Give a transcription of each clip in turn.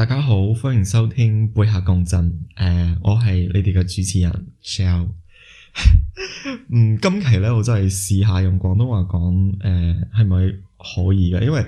大家好，歡迎收聽《背後共振》誒、呃，我係你哋嘅主持人 Shel。 嗯，今期咧我真係試下用廣東話講誒，係、呃、咪可以嘅？因為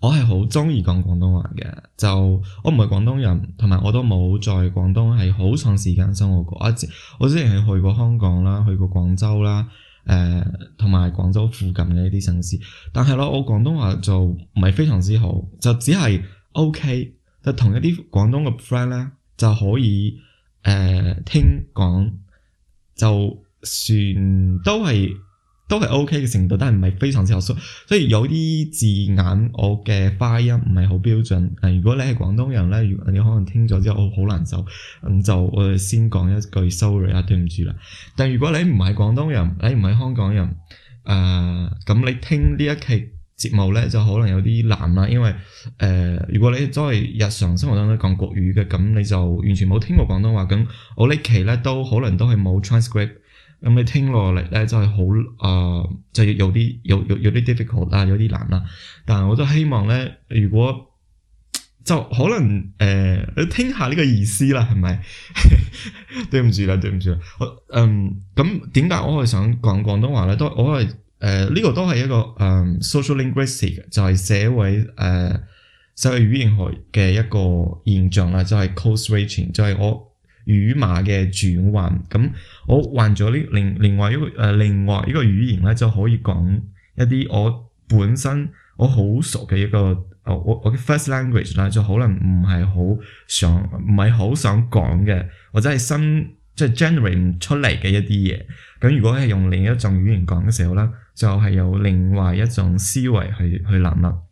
我係好鍾意講廣東話嘅，就我唔係廣東人，同埋我都冇在廣東係好長時間生活過。我、啊、之我之前係去過香港啦，去過廣州啦，誒、呃，同埋廣州附近嘅一啲城市。但係咯，我廣東話就唔係非常之好，就只係 OK。就同一啲廣東嘅 friend 咧，就可以誒、呃、聽講，就算都係都係 OK 嘅程度，但係唔係非常之流利，所以有啲字眼我嘅發音唔係好標準。啊、呃，如果你係廣東人咧，如你可能聽咗之後好難受。咁、嗯、就我哋先講一句 sorry 啊，對唔住啦。但如果你唔係廣東人，你唔係香港人，誒、呃、咁你聽呢一期節目咧就可能有啲難啦，因為誒、呃，如果你作為日常生活當中講國語嘅，咁你就完全冇聽過廣東話，咁我呢期咧都可能都係冇 transcribe、嗯、咁你聽落嚟咧就係好啊，就有啲有有啲 difficult 啦，有啲難啦。但係我都希望咧，如果就可能誒、呃，你聽下呢個意思啦，係咪？ 對唔住啦，對唔住，嗯，咁點解我係想講廣東話咧？都我係。誒呢、呃這個都係一個誒、um, social linguistic，就係社會誒、呃、社會語言學嘅一個現象啦，就係、是、code switching，就係我語碼嘅轉換。咁我換咗啲另另外一個誒、呃、另外一個語言咧，就可以講一啲我本身我好熟嘅一個誒我我嘅 first language 啦，就可能唔係好想唔係好想講嘅，或者係新，即、就、係、是、generate 唔出嚟嘅一啲嘢。咁如果係用另一種語言講嘅時候啦。就係有另外一種思維去去諗啦。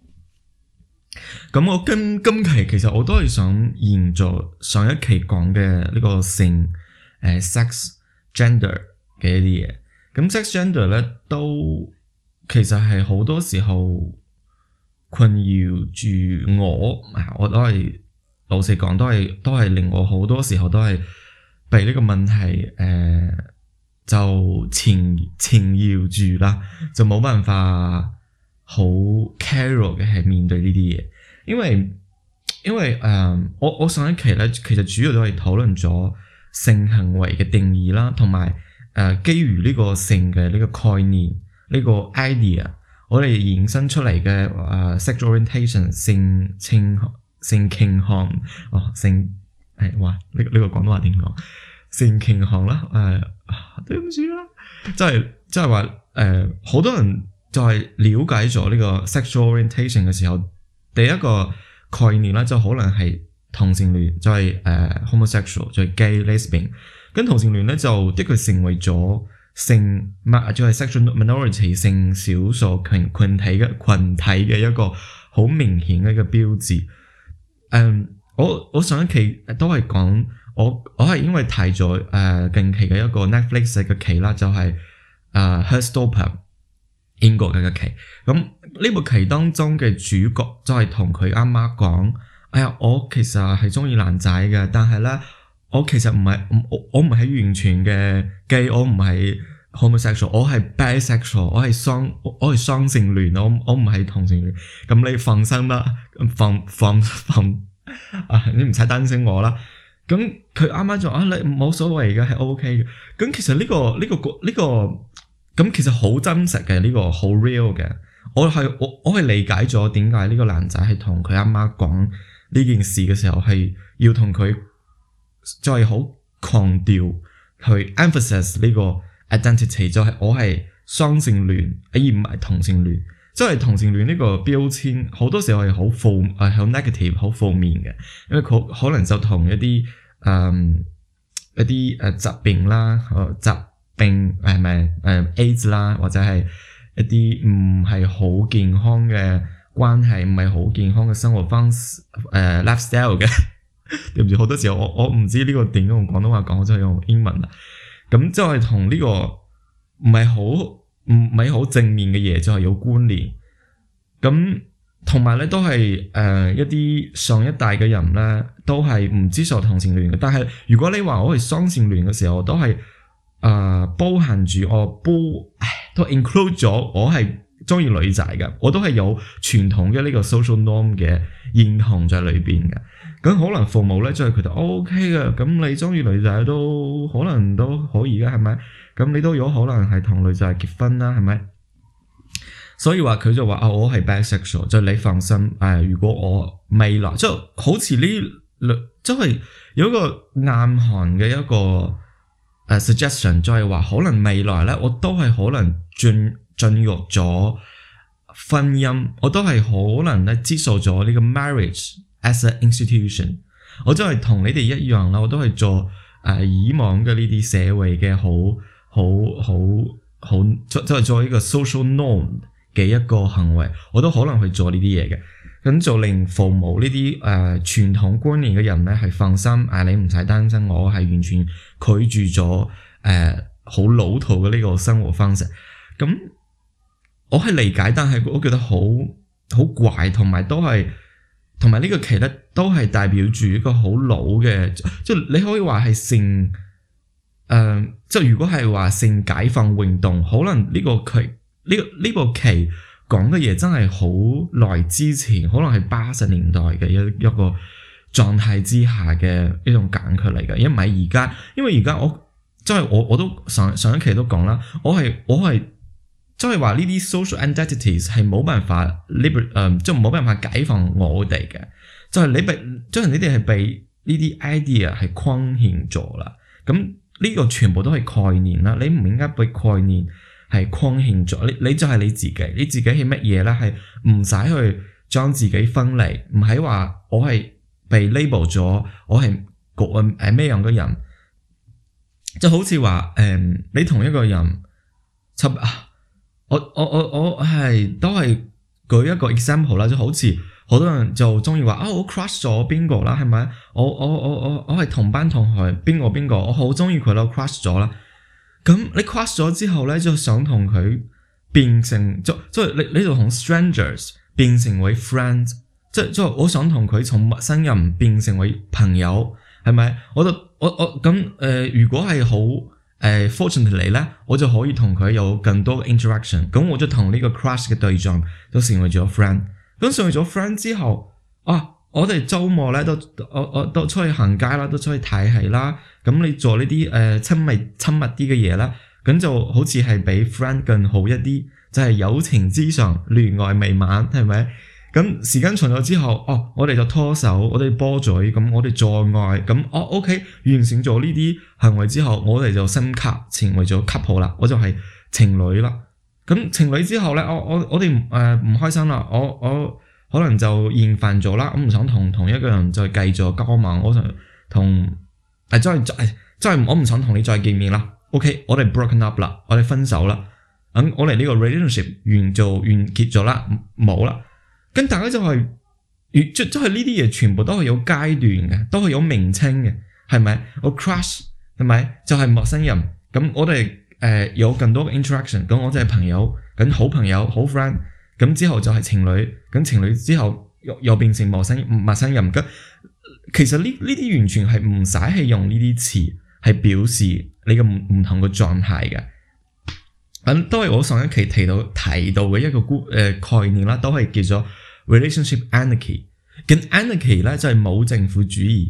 咁我今今期其實我都係想延續上一期講嘅呢個性誒、呃、sex gender 嘅一啲嘢。咁 sex gender 咧，都其實係好多時候困擾住我，我都係老實講，都係都係令我好多時候都係被呢個問題誒。呃就纏纏繞住啦，就冇辦法好 care 嘅係面對呢啲嘢，因為因為誒、呃，我我上一期咧，其實主要都係討論咗性行為嘅定義啦，同埋誒，基於呢個性嘅呢個概念呢、呢個 idea，我哋延伸出嚟嘅誒 sex orientation 性傾 orient 性傾向哦性係、哎、哇呢呢、呢個廣、呢個、東話點講？性傾向啦，誒對唔住啦，即係即係話誒，好、呃、多人就係了解咗呢個 sexual orientation 嘅時候，第一個概念咧就可能係同性戀，就係、是、誒、呃、homosexual，就係 gay、lesbian。跟同性戀咧，就的確成為咗性物，就係、是、sexual minority 性少數群羣體嘅羣體嘅一個好明顯嘅一個標誌。誒、呃，我我上一期都係講。我我係因為睇咗誒近期嘅一個 Netflix 嘅劇啦，就係誒 Heartstopper 英國嘅嘅劇。咁、嗯、呢部劇當中嘅主角就係同佢阿媽講，哎呀，我其實係鍾意男仔嘅，但係咧，我其實唔係我唔係完全嘅 gay，我唔係 homosexual，我係 bisexual，我係雙我係雙性戀，我我唔係同性戀。咁、嗯、你放心啦，放放放啊！你唔使擔心我啦。咁佢啱啱就啊你冇所謂嘅係 O K 嘅，咁、OK、其實呢、呢個呢、呢個呢、呢個咁其實好真實嘅呢、呢個好 real 嘅，我係我我係理解咗點解呢個男仔係同佢阿媽講呢件事嘅時候係要同佢再好強調去 emphasize 呢個 identity 就係我係雙性戀，而唔係同性戀，即係同性戀呢個標籤好多時候係好負啊，係 negative 好負面嘅，因為佢可能就同一啲。嗯，um, 一啲誒疾病啦，疾病係咪誒 AIDS 啦，或者係一啲唔係好健康嘅關係，唔係好健康嘅生活方式誒 lifestyle 嘅，對唔住，好 多時候我我唔知呢個點樣用廣東話講，我真係用英文啦。咁就係同呢個唔係好唔係好正面嘅嘢，就係、是、有關聯。咁。同埋咧，都係誒、呃、一啲上一代嘅人咧，都係唔接受同性戀嘅。但係如果你話我係雙性戀嘅時候，我都係誒、呃、包含住我包，都 include 咗我係中意女仔嘅，我都係有傳統嘅呢個 social norm 嘅現行在裏邊嘅。咁可能父母咧就係佢哋 OK 嘅。咁、哦 okay、你中意女仔都可能都可以嘅，係咪？咁你都有可能係同女仔結婚啦，係咪？所以話佢就話啊、哦，我係 bisexual 就你放心。誒、呃，如果我未來，就好似呢，即、就、係、是、有一個亞韓嘅一個誒、uh, suggestion，就係話可能未來咧，我都係可能進進入咗婚姻，我都係可能咧接受咗呢個 marriage as an institution。我真係同你哋一樣啦，我都係做誒、呃、以往嘅呢啲社會嘅好好好好，即係即係做呢個 social norm。嘅一個行為，我都可能去做呢啲嘢嘅，咁就令父母呢啲誒傳統觀念嘅人咧係放心，啊，你唔使擔心，我係完全拒絕咗誒好老套嘅呢個生活方式。咁我係理解，但係我覺得好好怪，同埋都係同埋呢個期咧都係代表住一個好老嘅，即係你可以話係性誒，即、呃、係如果係話性解放運動，可能呢個期。呢呢、這個、部棋講嘅嘢真係好耐之前，可能係八十年代嘅一一個狀態之下嘅一種概括嚟嘅，而唔係而家。因為而家我即係、就是、我我都上上一期都講啦，我係我係即係話呢啲 social identities 係冇辦法 liber 誒即係冇辦法解放我哋嘅，就係、是、你被即係你哋係被呢啲 idea 係框限咗啦。咁呢個全部都係概念啦，你唔應該被概念。係框慶咗，你你就係你自己，你自己係乜嘢咧？係唔使去將自己分離，唔係話我係被 label 咗，我係個誒咩樣嘅人？就好似話誒，你同一個人，啊，我我我我係都係舉一個 example 啦，就好似好多人就中意話啊，我 crush 咗邊個啦，係咪？我我我我我係同班同學邊個邊個,個，我好中意佢啦，crush 咗啦。咁你 crush 咗之後咧，就想同佢變成就，即係你你就同 strangers 變成為 friends，即即係我想同佢從陌生人變成為朋友，係咪？我就我我咁誒、呃，如果係好誒 fortunately 咧，我就可以同佢有更多嘅 interaction，咁我就同呢個 crush 嘅對象都成為咗 friend，咁成為咗 friend 之後啊。我哋周末咧都我我都，都，都出去行街啦，都出去睇戲啦。咁你做呢啲誒親密親密啲嘅嘢啦，咁就好似係比 friend 更好一啲，就係、是、友情之上戀愛未滿，係咪？咁時間長咗之後，哦，我哋就拖手，我哋波嘴，咁、嗯、我哋再愛，咁、嗯、哦，OK，完成咗呢啲行為之後，我哋就升級成為咗 couple 啦，我就係情侶啦。咁情侶之後咧、哦，我我我哋誒唔開心啦，我、哦、我。哦可能就厭煩咗啦，我唔想同同一個人再繼續交往，我同同誒，即係即係我唔想同你再見面啦。OK，我哋 broken up 啦，我哋分手啦，咁我哋呢個 relationship 完就完結咗啦，冇啦。咁大家就係即係呢啲嘢，全部都係有階段嘅，都係有名稱嘅，係咪？我 crush，係咪？就係、是、陌生人。咁我哋誒、呃、有更多嘅 interaction，咁我哋係朋友，咁好朋友，好 friend。好咁之後就係情侶，咁情侶之後又又變成陌生陌生人。咁其實呢呢啲完全係唔使係用呢啲詞係表示你個唔唔同嘅狀態嘅。咁都係我上一期提到提到嘅一個估、呃、概念啦，都係叫做 relationship anarchy。咁 anarchy 咧就係冇政府主義，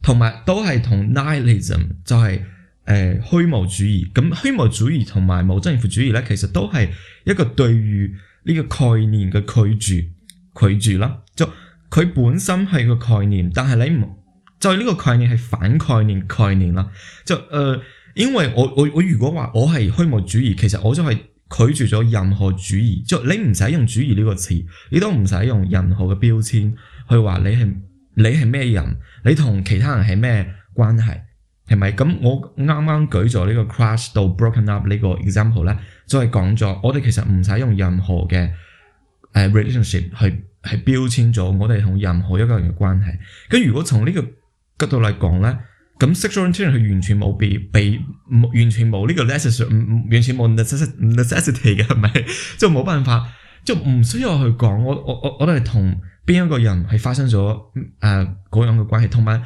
同埋都係同 nihilism，就係、誒、呃、虛無主義。咁虛無主義同埋冇政府主義咧，其實都係一個對於呢個概念嘅拒絕拒絕啦，就佢本身係個概念，但係你唔，就呢個概念係反概念概念啦。就誒、呃，因為我我我如果話我係虛無主義，其實我就係拒絕咗任何主義。就你唔使用，用主義呢個詞，你都唔使用，用任何嘅標籤去話你係你係咩人，你同其他人係咩關係，係咪？咁我啱啱舉咗呢個 crash 到 broken up 個呢個 example 咧。就係講咗，我哋其實唔使用，用任何嘅誒、uh, relationship 去去標籤咗我哋同任何一個人嘅關係。咁如果從呢個角度嚟講咧，咁 sexual orientation 完全冇必被，被完全冇呢個 necessity，完全冇 necessity，necessity 嘅，係咪？就冇辦法，就唔需要去講。我我我我都係同邊一個人係發生咗誒嗰樣嘅關係。同埋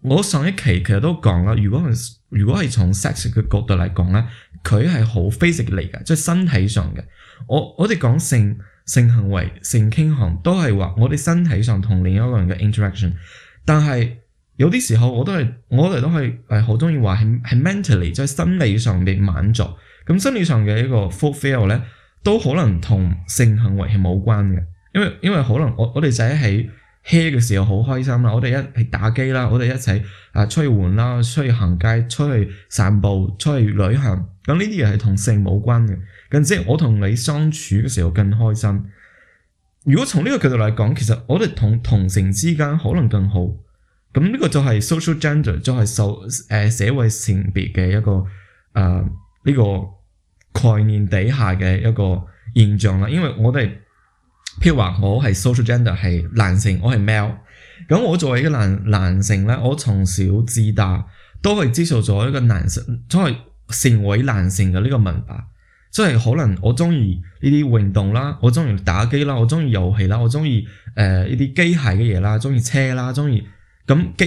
我上一期其實都講啦，如果如果係從 sex 嘅角度嚟講咧。佢係好 physically 嚟嘅，即係身體上嘅。我我哋講性性行為、性傾向都係話我哋身體上同另一個人嘅 interaction。但係有啲時候我都係我哋都係誒好中意話係係 mentally，即係心理上嘅滿足。咁心理上嘅一個 fulfill 咧，都可能同性行為係冇關嘅。因為因為可能我我哋仔喺 hea 嘅時候好開心啦，我哋一齊打機啦，我哋一齊啊出去玩啦，出去行街，出去散步，出去旅行。咁呢啲嘢係同性冇關嘅，咁即係我同你相處嘅時候更開心。如果從呢個角度嚟講，其實我哋同同性之間可能更好。咁呢個就係 social gender，就係受誒、呃、社會性別嘅一個誒呢、呃，這個概念底下嘅一個現象啦。因為我哋譬如話我係 social gender 係男性，我係 male。咁我作為一個男男性咧，我從小至大都係接受咗一個男性，即係。成為男性嘅呢個文化，即係可能我鍾意呢啲運動啦，我鍾意打機啦，我鍾意遊戲啦，我鍾意誒呢啲機械嘅嘢啦，鍾意車啦，鍾意咁幾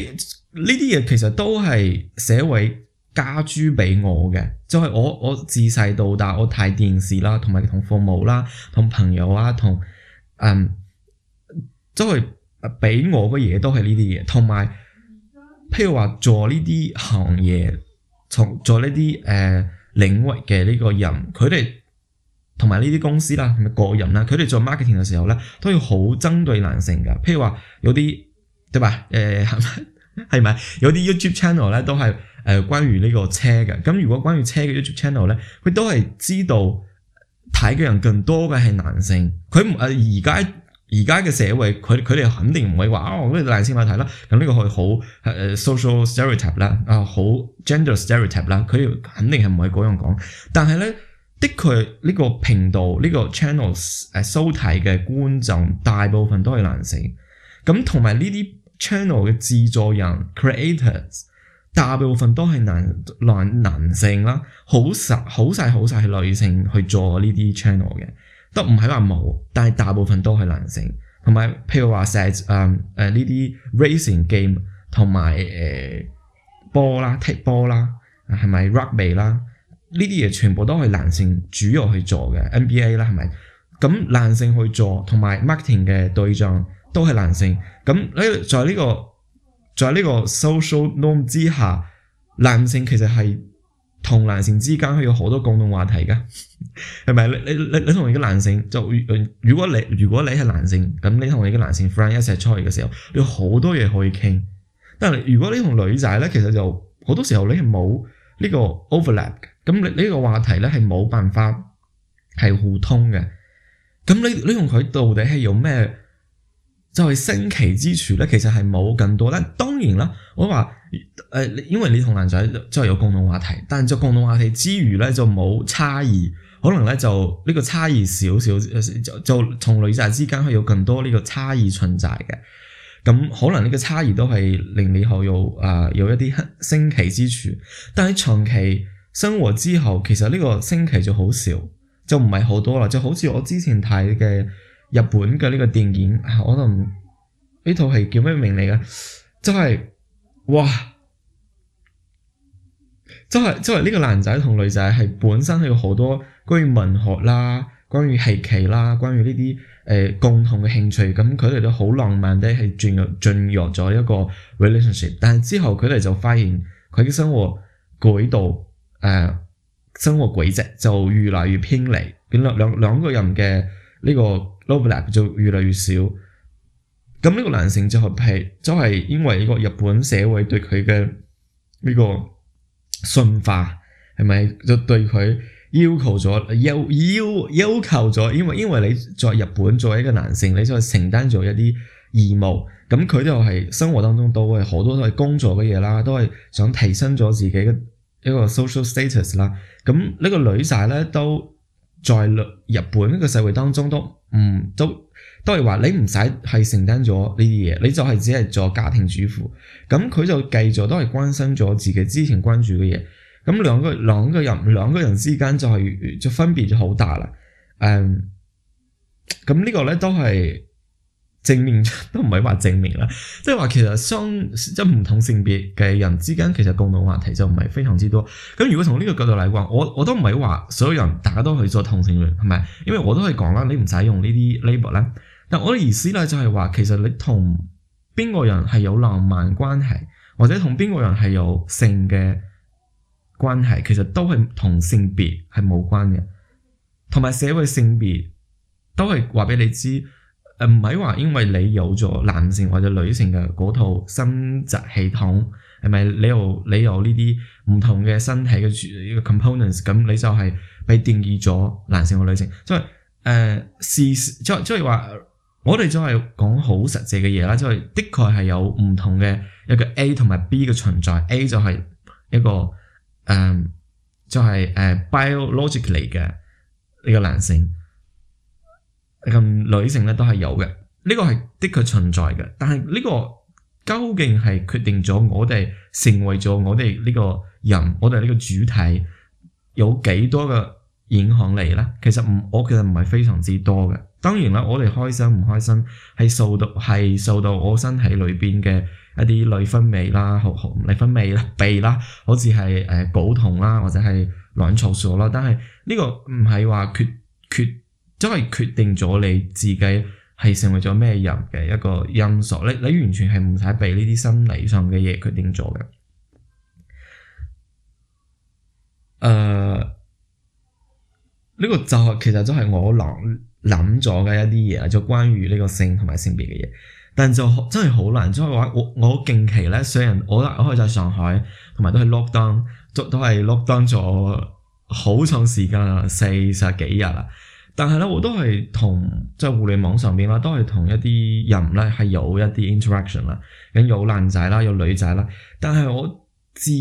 呢啲嘢其實都係社會加諸俾我嘅，就係我我自細到大我睇電視啦，同埋同父母啦，同朋友啊，同嗯，即係俾我嘅嘢都係呢啲嘢，同埋譬如話做呢啲行業。同做呢啲誒領域嘅呢個人，佢哋同埋呢啲公司啦，同埋個人啦，佢哋做 marketing 嘅時候咧，都要好針對男性㗎。譬如話有啲，對吧？誒係咪係咪有啲 YouTube channel 咧，都係誒、呃、關於呢個車嘅。咁如果關於車嘅 YouTube channel 咧，佢都係知道睇嘅人更多嘅係男性。佢唔係誒而家。呃而家嘅社會，佢佢哋肯定唔會話、哦這個、啊，我啲男性咪睇啦。咁呢個係好 social stereotype 啦，啊好 gender stereotype 啦。佢哋肯定係唔會嗰樣講。但係咧，的確呢、呢個頻道呢、呢個 channels 誒、啊、收睇嘅觀眾大部分都係男性。咁同埋呢啲 channel 嘅製作人 creators，大部分都係男男男性啦，好十好少好少係女性去做呢啲 channel 嘅。都唔係話冇，但係大部分都係男性，同埋譬如話誒呢啲 racing game，同埋誒波啦踢波啦，係咪 rugby 啦？呢啲嘢全部都係男性主要去做嘅 NBA 啦，係咪？咁男性去做，同埋 marketing 嘅對象都係男性。咁喺在呢、呢個在呢個 social norm 之下，男性其實係。同男性之間係有好多共同話題嘅，係咪？你你你同一個男性就，如果你如果你係男性，咁你同你嘅男性 friend 一齊出去嘅時候，你有好多嘢可以傾。但係如果你同女仔咧，其實就好多時候你係冇呢個 overlap，咁你呢個話題咧係冇辦法係互通嘅。咁你你同佢到底係用咩？就係新奇之處咧，其實係冇咁多咧。當然啦，我話誒、呃，因為你同男仔就係有共同話題，但就共同話題之餘咧，就冇差異。可能咧就呢個差異少少，就就同女仔之間係有更多呢個差異存在嘅。咁可能呢個差異都係令你好有啊、呃、有一啲新奇之處。但係長期生活之後，其實呢個新奇就好少，就唔係好多啦。就好似我之前睇嘅。日本嘅呢個電影我可唔，呢套係叫咩名嚟嘅？就係、是、哇，就係、是、就係、是、呢個男仔同女仔係本身係有好多關於文學啦、關於戲劇啦、關於呢啲誒共同嘅興趣，咁佢哋都好浪漫地係進入進入咗一個 relationship，但係之後佢哋就發現佢嘅生活軌道誒、呃、生活軌跡就越嚟越偏離，變兩兩兩個人嘅。呢個 overlap 就越來越少，咁呢個男性就係就係因為呢個日本社會對佢嘅呢個馴化係咪就對佢要求咗？要要要求咗？因為因為你在日本作為一個男性，你就係承擔咗一啲義務，咁佢就係生活當中都會好多都係工作嘅嘢啦，都係想提升咗自己嘅一個 social status 啦。咁呢個女仔咧都。在日本呢個社會當中都唔、嗯、都都係話你唔使係承擔咗呢啲嘢，你就係只係做家庭主婦。咁佢就繼續都係關心咗自己之前關注嘅嘢。咁兩個兩個人兩個人之間就係、是、就分別就好大啦。誒、嗯，咁呢個咧都係。證明都唔係話證明啦，即係話其實相即係唔同性別嘅人之間，其實共同話題就唔係非常之多。咁如果從呢個角度嚟話，我我都唔係話所有人大家都去做同性戀係咪？因為我都可以講啦，你唔使用呢啲 label 咧。但我嘅意思咧就係話，其實你同邊個人係有浪漫關係，或者同邊個人係有性嘅關係，其實都係同性別係冇關嘅，同埋社會性別都係話俾你知。誒，唔係話因為你有咗男性或者女性嘅嗰套生殖系統，係咪？你又你有呢啲唔同嘅身體嘅呢個 components，咁你就係被定義咗男性或女性。即係誒，是即係即係話，我哋就係講好實際嘅嘢啦。即係的確係有唔同嘅一個 A 同埋 B 嘅存在。A 就係一個誒、呃，就係、是、誒、uh, biologically 嘅呢、呢個男性。女性咧都係有嘅，呢、這個係的確存在嘅。但係呢個究竟係決定咗我哋成為咗我哋呢個人，我哋呢個主體有幾多嘅影響力呢？其實唔，我其實唔係非常之多嘅。當然啦，我哋開心唔開心係受到係受到我身體裏邊嘅一啲內分泌啦、荷荷內分泌啦、鼻啦，好似係誒睾酮啦或者係卵巢素啦。但係呢個唔係話缺缺。即係決定咗你自己係成為咗咩人嘅一個因素，你你完全係唔使俾呢啲心理上嘅嘢決定咗嘅。誒，呢個就係、是、其實都係我諗諗咗嘅一啲嘢就是、關於呢個性同埋性別嘅嘢。但就真係好難，即係話我我近期咧雖然我我喺上海，同埋都係 lock down，都都係 lock down 咗好長時間啦，四十幾日啦。但係咧，我都係同即係互聯網上邊啦，都係同一啲人咧，係有一啲 interaction 啦。咁有男仔啦，有女仔啦。但係我至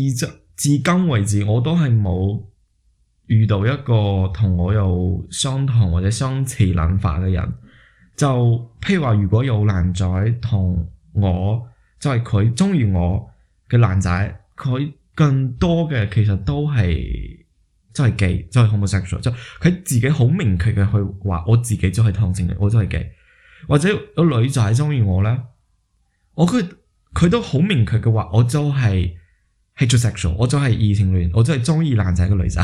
至今為止，我都係冇遇到一個同我有相同或者相似諗法嘅人。就譬如話，如果有男仔同我，就係佢中意我嘅男仔，佢更多嘅其實都係。就係 gay，就係 homosexual。就佢自己好明確嘅去話，我自己就係同性戀，我都係 gay。或者個女仔中意我咧，我佢佢都好明確嘅話，我就係 heterosexual，我，我，我就係異性戀，我就係中意男仔嘅女仔。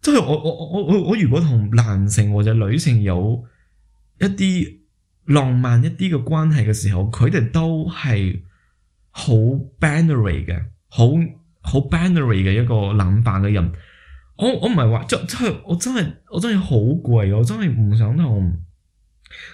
即 係我我我我我如果同男性或者女性有一啲浪漫一啲嘅關係嘅時候，佢哋都係好 binary 嘅，好好 binary 嘅一個諗法嘅人。我我唔係話，真真係我真係我真係好貴，我真係唔想同，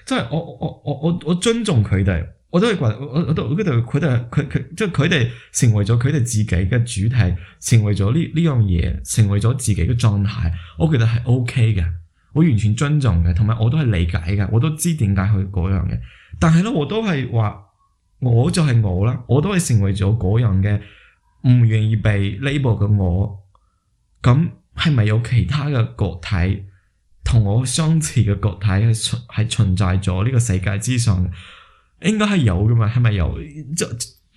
真係我我我我我尊重佢哋，我真係話我我我覺得佢哋佢佢即係佢哋成為咗佢哋自己嘅主題，成為咗呢呢樣嘢，成為咗自己嘅狀態，我覺得係 OK 嘅，我完全尊重嘅，同埋我都係理解嘅，我都知點解佢嗰樣嘅，但係咧我都係話，我就係我啦，我都係成為咗嗰樣嘅，唔願意被 label 嘅我，咁。係咪有其他嘅個體同我相似嘅個體係存在咗呢個世界之上嘅？應該係有噶嘛？係咪有？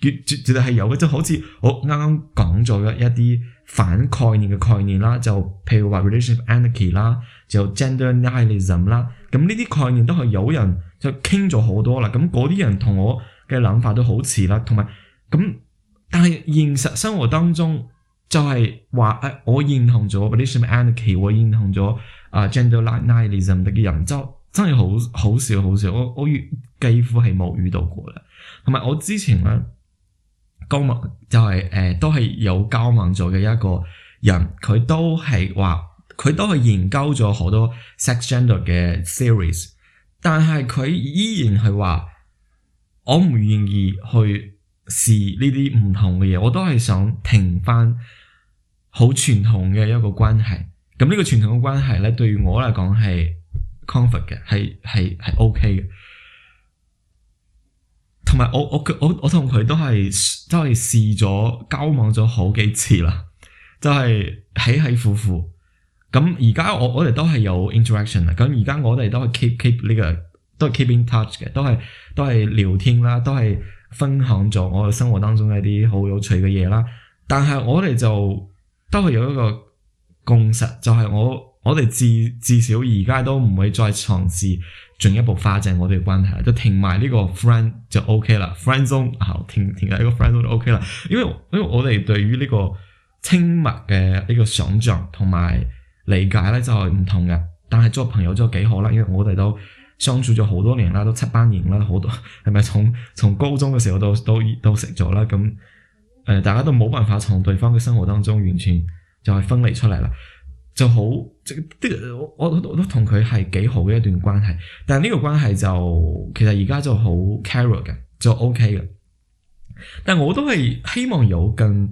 絕對係有嘅。就好似我啱啱講咗嘅一啲反概念嘅概念啦，就譬如話 relationship anarchy 啦，就 gender nihilism 啦，咁呢啲概念都係有人就傾咗好多那那啦。咁嗰啲人同我嘅諗法都好似啦，同埋咁，但係現實生活當中。就係話誒，我認同咗嗰啲什麼 anarchy，我認同咗啊 gender nihilism 嗰啲人，就真係好好少好少，我我幾乎係冇遇到過啦。同埋我之前咧交往就係、是、誒、呃，都係有交往咗嘅一個人，佢都係話佢都係研究咗好多 sex gender 嘅 series，但係佢依然係話我唔願意去試呢啲唔同嘅嘢，我都係想停翻。好傳統嘅一個關係，咁呢個傳統嘅關係咧，對於我嚟講係 comfort 嘅，係係係 OK 嘅。同埋我我我我同佢都係都係試咗交往咗好幾次啦，就係、是、起起伏伏。咁而家我我哋都係有 interaction 啦，咁而家我哋都係 keep keep 呢、呢個都係 keep in touch 嘅，都係都係聊天啦，都係分享咗我哋生活當中一啲好有趣嘅嘢啦。但係我哋就都係有一個共識，就係、是、我我哋至至少而家都唔會再嘗試進一步化整我哋嘅關係啦，就停埋呢個 friend 就 OK 啦，friend zone、哦、停停埋呢個 friend zone 就 OK 啦，因為因為我哋對於呢個親密嘅呢個想像同埋理解咧就係唔同嘅，但係作朋友就幾好啦，因為我哋、就是、都相處咗好多年啦，都七八年啦，好多係咪從從高中嘅時候都到到識咗啦咁。誒、呃，大家都冇辦法從對方嘅生活當中完全就係分離出嚟啦，就好即係，我我都同佢係幾好嘅一段關係，但係呢個關係就其實而家就好 care 嘅，就 OK 嘅。但我都係希望有更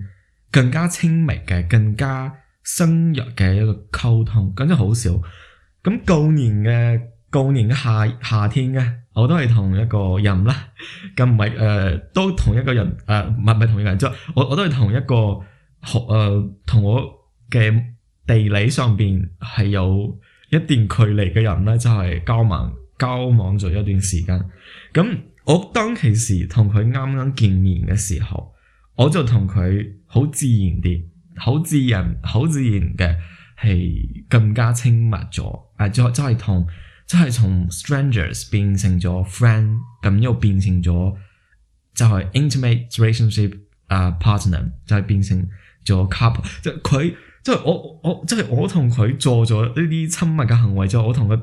更加親密嘅，更加深入嘅一個溝通，咁就好少。咁舊年嘅舊年嘅夏夏天嘅。我都係同一個人啦，咁唔係誒，都同一個人誒，唔係唔係同一個人，即係我我都係同一個學誒、就係呃，同我嘅地理上邊係有一段距離嘅人咧，就係、係、交往交往咗一段時間。咁我當其時同佢啱啱見面嘅時候，我就同佢好自然啲，好自然，好自然嘅係更加親密咗，誒、啊，就係、就係同。即係從 strangers 變成咗 friend，咁又變成咗就係 intimate relationship、uh, partner，就係變成咗 couple。即係佢，即係我，我即係、就係、我同佢做咗呢啲親密嘅行為，之、就、係、係、我同佢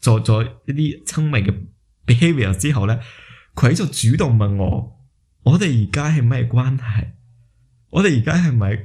做咗呢啲親密嘅 behaviour 之後咧，佢就主動問我：我哋而家係咩關係？我哋而家係咪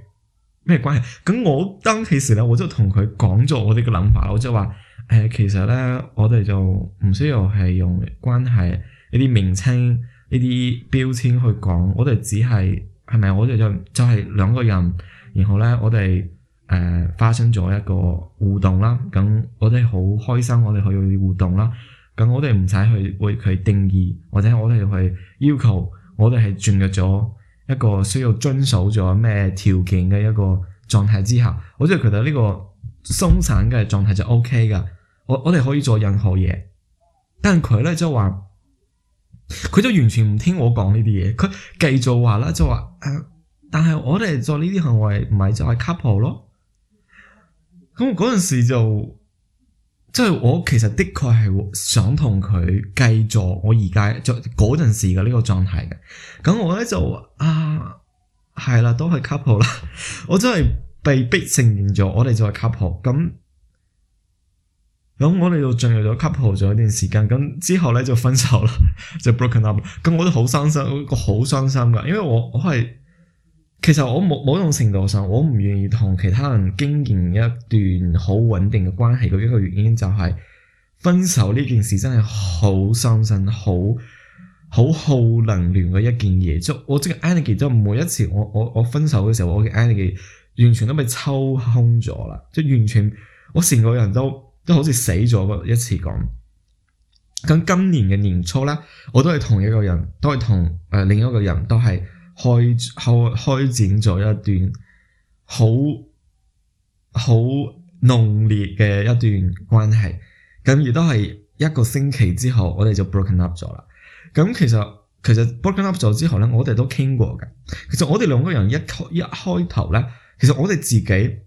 咩關係？咁我，我當其時咧，我就同佢講咗我哋嘅諗法，我就話、係。誒，其實咧，我哋就唔需要係用關係呢啲名稱，呢啲標籤去講，我哋只係係咪？是是我哋就就係、是、兩個人，然後咧，我哋誒、呃、發生咗一個互動啦。咁我哋好開心，我哋可以互動啦。咁我哋唔使去為佢定義，或者我哋去要求，我哋係進入咗一個需要遵守咗咩條件嘅一個狀態之下，我就覺得呢個鬆散嘅狀態就 O K 噶我我哋可以做任何嘢，但係佢咧就話，佢就完全唔聽我講呢啲嘢，佢繼續話啦，就話誒、啊，但係我哋做呢啲行為，唔係就係、是、couple 咯。咁嗰陣時就，即、就、係、是、我其實的確係想同佢繼續我而家就嗰陣時嘅呢個狀態嘅。咁、嗯、我咧就話啊，係啦，都係 couple 啦， 我真係被逼承認咗、嗯，我哋就係 couple 咁。咁我哋就進入咗 couple，仲有一段時間，咁之後咧就分手啦， 就 broken up。咁我都好傷心，個好傷心噶，因為我我係，其實我冇某，某種程度上，我唔願意同其他人經營一段好穩定嘅關係嘅一個原因，就係分手呢件事真係好傷心，好好耗能亂嘅一件嘢。即係我即係 energy 即係每一次我我我分手嘅時候，我嘅 energy 完全都被抽空咗啦，即係完全我成個人都。都好似死咗一次咁。咁今年嘅年初咧，我都係同一個人，都係同誒、呃、另一個人都係開開開展咗一段好好濃烈嘅一段關係。咁而都係一個星期之後，我哋就 broken up 咗啦。咁其實其實 broken up 咗之後咧，我哋都傾過嘅。其實我哋兩個人一開一開頭咧，其實我哋自己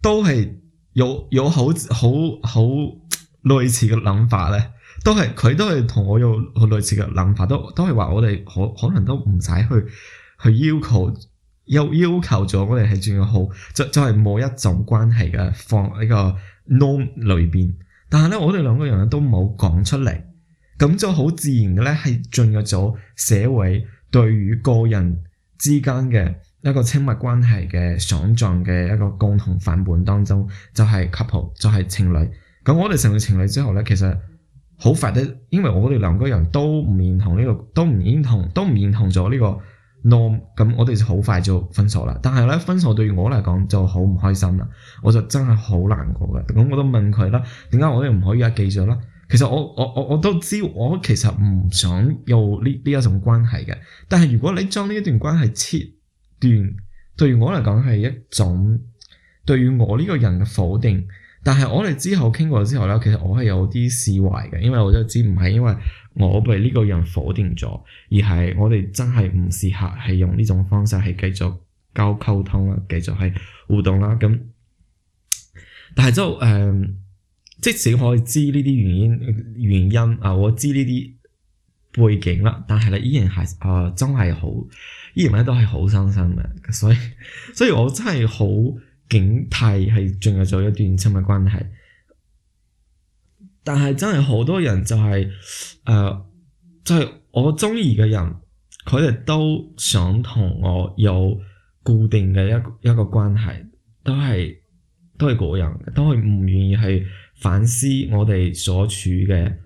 都係。有有好好好類似嘅諗法咧，都係佢都係同我有好類似嘅諗法，都都係話我哋可可能都唔使去去要求，要要求咗我哋係轉個好，就就係冇一種關係嘅放喺個 norm 裏邊。但係咧，我哋兩個人都冇講出嚟，咁就好自然嘅咧，係進入咗社會對於個人之間嘅。一個親密關係嘅想象嘅一個共同版本當中，就係、是、couple，就係情侶。咁我哋成為情侶之後呢，其實好快的，因為我哋兩個人都唔認同呢、這個，都唔認同，都唔認同咗呢個 norm。咁我哋就好快就分手啦。但係呢，分手對於我嚟講就好唔開心啦，我就真係好難過嘅。咁我都問佢啦，點解我哋唔可以繼續啦？其實我我我我都知，我其實唔想有呢呢一種關係嘅。但係如果你將呢一段關係切。對於我嚟講係一種對於我呢個人嘅否定，但係我哋之後傾過之後咧，其實我係有啲釋懷嘅，因為我都知唔係因為我被呢個人否定咗，而係我哋真係唔適合係用呢種方式係繼續交溝通啦，繼續係互動啦。咁但係就誒、呃，即使我可以知呢啲原因原因啊，我知呢啲背景啦，但係你依然係啊、呃，真係好。依然都係好傷心嘅，所以所以我真係好警惕，係進入咗一段親密關係。但係真係好多人就係、是、誒、呃，就係、是、我中意嘅人，佢哋都想同我有固定嘅一個一個關係，都係都係嗰樣都係唔願意去反思我哋所處嘅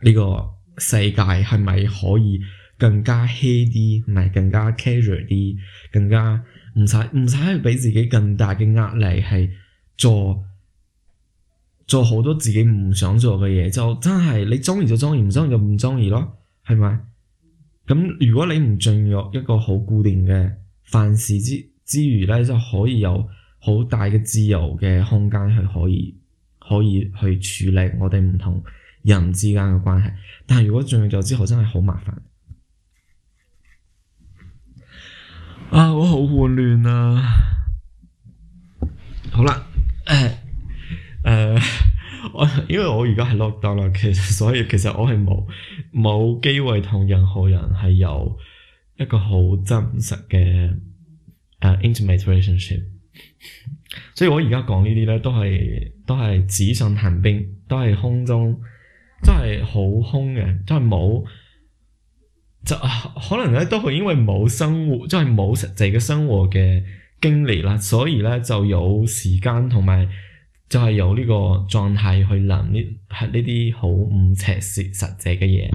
呢個世界係咪可以。更加 hea 啲，唔係更加 caring 啲，更加唔使唔使俾自己更大嘅壓力，係做做好多自己唔想做嘅嘢，真就真係你鍾意就鍾意，唔鍾意就唔鍾意咯，係咪？咁如果你唔進入一個好固定嘅範圍之之餘呢，就可以有好大嘅自由嘅空間，去可以可以去處理我哋唔同人之間嘅關係。但係如果進入咗之後，真係好麻煩。啊！我好混亂啊！好啦，誒、呃、誒，我因為我而家係 lock down 啦，其實所以其實我係冇冇機會同任何人係有一個好真實嘅誒、uh, intimate relationship，所以我而家講呢啲咧都係都係紙上談兵，都係空中，真係好空嘅，真係冇。就可能咧都係因為冇生活，即係冇實際嘅生活嘅經歷啦，所以咧就有時間同埋，就係有呢個狀態去諗呢，係呢啲好唔切實實際嘅嘢，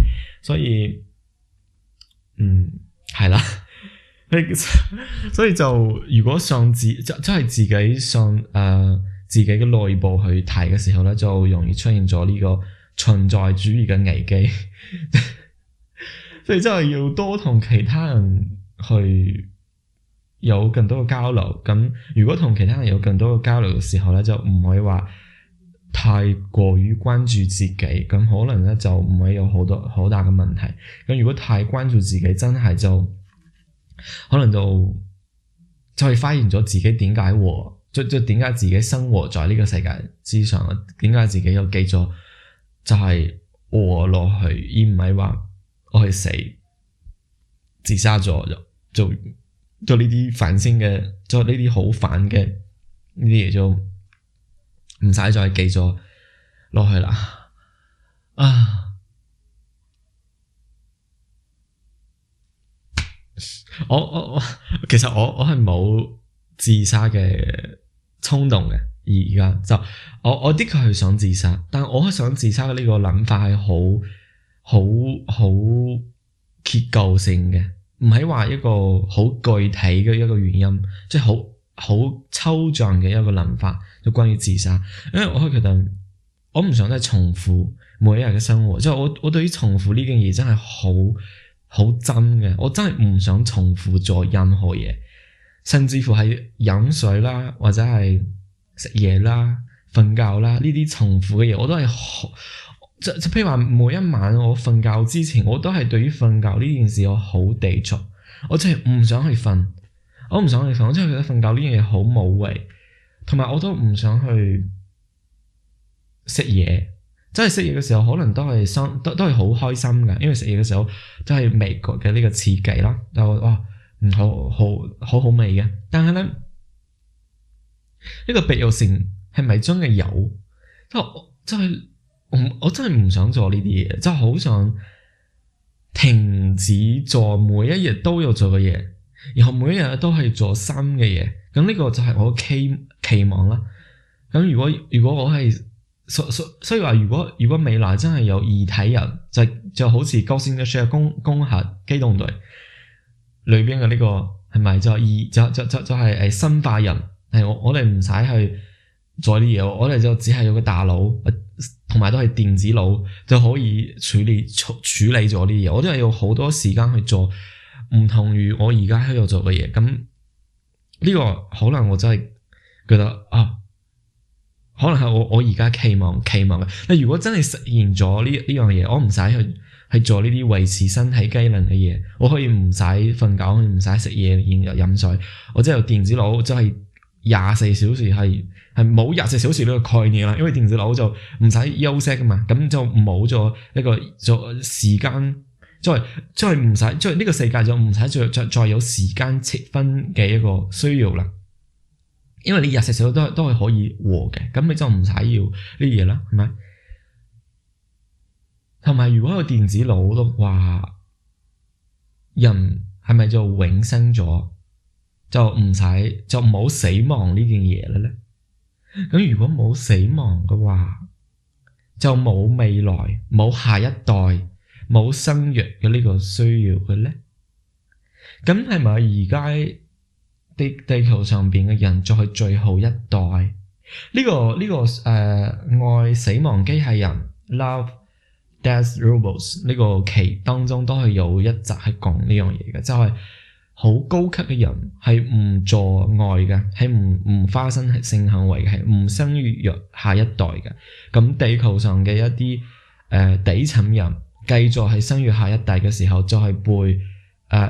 所以嗯係啦， 所以就如果上自即係自己上誒、呃、自己嘅內部去睇嘅時候咧，就容易出現咗呢個存在主義嘅危機。 所以真係要多同其他人去有更多嘅交流。咁如果同其他人有更多嘅交流嘅時候咧，就唔會話太過於關注自己。咁可能咧就唔會有好多好大嘅問題。咁如果太關注自己，真係就可能就就係發現咗自己點解活，即即點解自己生活在呢個世界之上？點解自己又記咗就係活落去，而唔係話。我去死，自殺咗就做做呢啲反星嘅，做呢啲好反嘅呢啲嘢，就唔使再記咗落去啦。啊！我我我，其實我我係冇自殺嘅衝動嘅，而家就我我的確係想自殺，但我想自殺嘅呢個諗法係好。好好結構性嘅，唔係話一個好具體嘅一個原因，即係好好抽象嘅一個諗法，就關於自殺。因為我可以覺得，我唔想再重複每一日嘅生活，即係我我對於重複呢件嘢真係好好憎嘅，我真係唔想重複做任何嘢，甚至乎係飲水啦，或者係食嘢啦、瞓覺啦呢啲重複嘅嘢，我都係好。就譬如話每一晚我瞓覺之前，我都係對於瞓覺呢件事我好抵觸，我真係唔想去瞓，我唔想去瞓，我真係覺得瞓覺呢樣嘢好冇謂，同埋我都唔想去食嘢，真係食嘢嘅時候可能都係心都都係好開心㗎，因為食嘢嘅時候真係味覺嘅呢個刺激啦，哦，就哇，是，好好好好味嘅，但係咧呢個必要性係咪真係有？即係即係。我真係唔想做呢啲嘢，真係好想停止做每一日都要做嘅嘢，然後每一日都係做新嘅嘢。咁呢個就係我嘅期期望啦。咁如果如果我係所所所以話，如果如果未來真係有義體人，就就好似《高星嘅超級攻攻殼機動隊裏面、這個》裏邊嘅呢個係咪就義就就就就係、是、誒、欸、生化人？係我我哋唔使去做啲嘢，我哋就只係有個大腦。同埋都係電子腦就可以處理處理咗呢啲嘢，我都係要好多時間去做，於在在做，唔同於我而家喺度做嘅嘢。咁呢個可能我真係覺得啊，可能係我我而家期望期望嘅。但如果真係實現咗呢呢樣嘢，我唔使去去做呢啲維持身體機能嘅嘢，我可以唔使瞓覺，唔使食嘢，然後飲水，我真係電子腦，真係廿四小時係。係冇廿四小時呢個概念啦，因為電子腦就唔使休息噶嘛，咁就冇咗呢個時間再再唔使，再呢個世界就唔使再再有時間切分嘅一個需要啦。因為你廿四小時都係都係可以和嘅，咁你就唔使要呢啲嘢啦，係咪？同埋如果有電子腦都話，人係咪就永生咗，就唔使就冇死亡呢件嘢咧咧？咁如果冇死亡嘅話，就冇未來，冇下一代，冇生育嘅呢個需要嘅咧。咁係咪而家地地球上邊嘅人再係最後一代？呢、這個呢、這個誒、呃，愛死亡機械人 Love Death Robots 呢個期當中都係有一集係講呢樣嘢嘅，就係、是。好高級嘅人係唔做愛嘅，係唔唔發生性行為嘅，係唔、呃、生育下一代嘅。咁地球上嘅一啲誒底層人繼續係生育下一代嘅時候，就係、是、被誒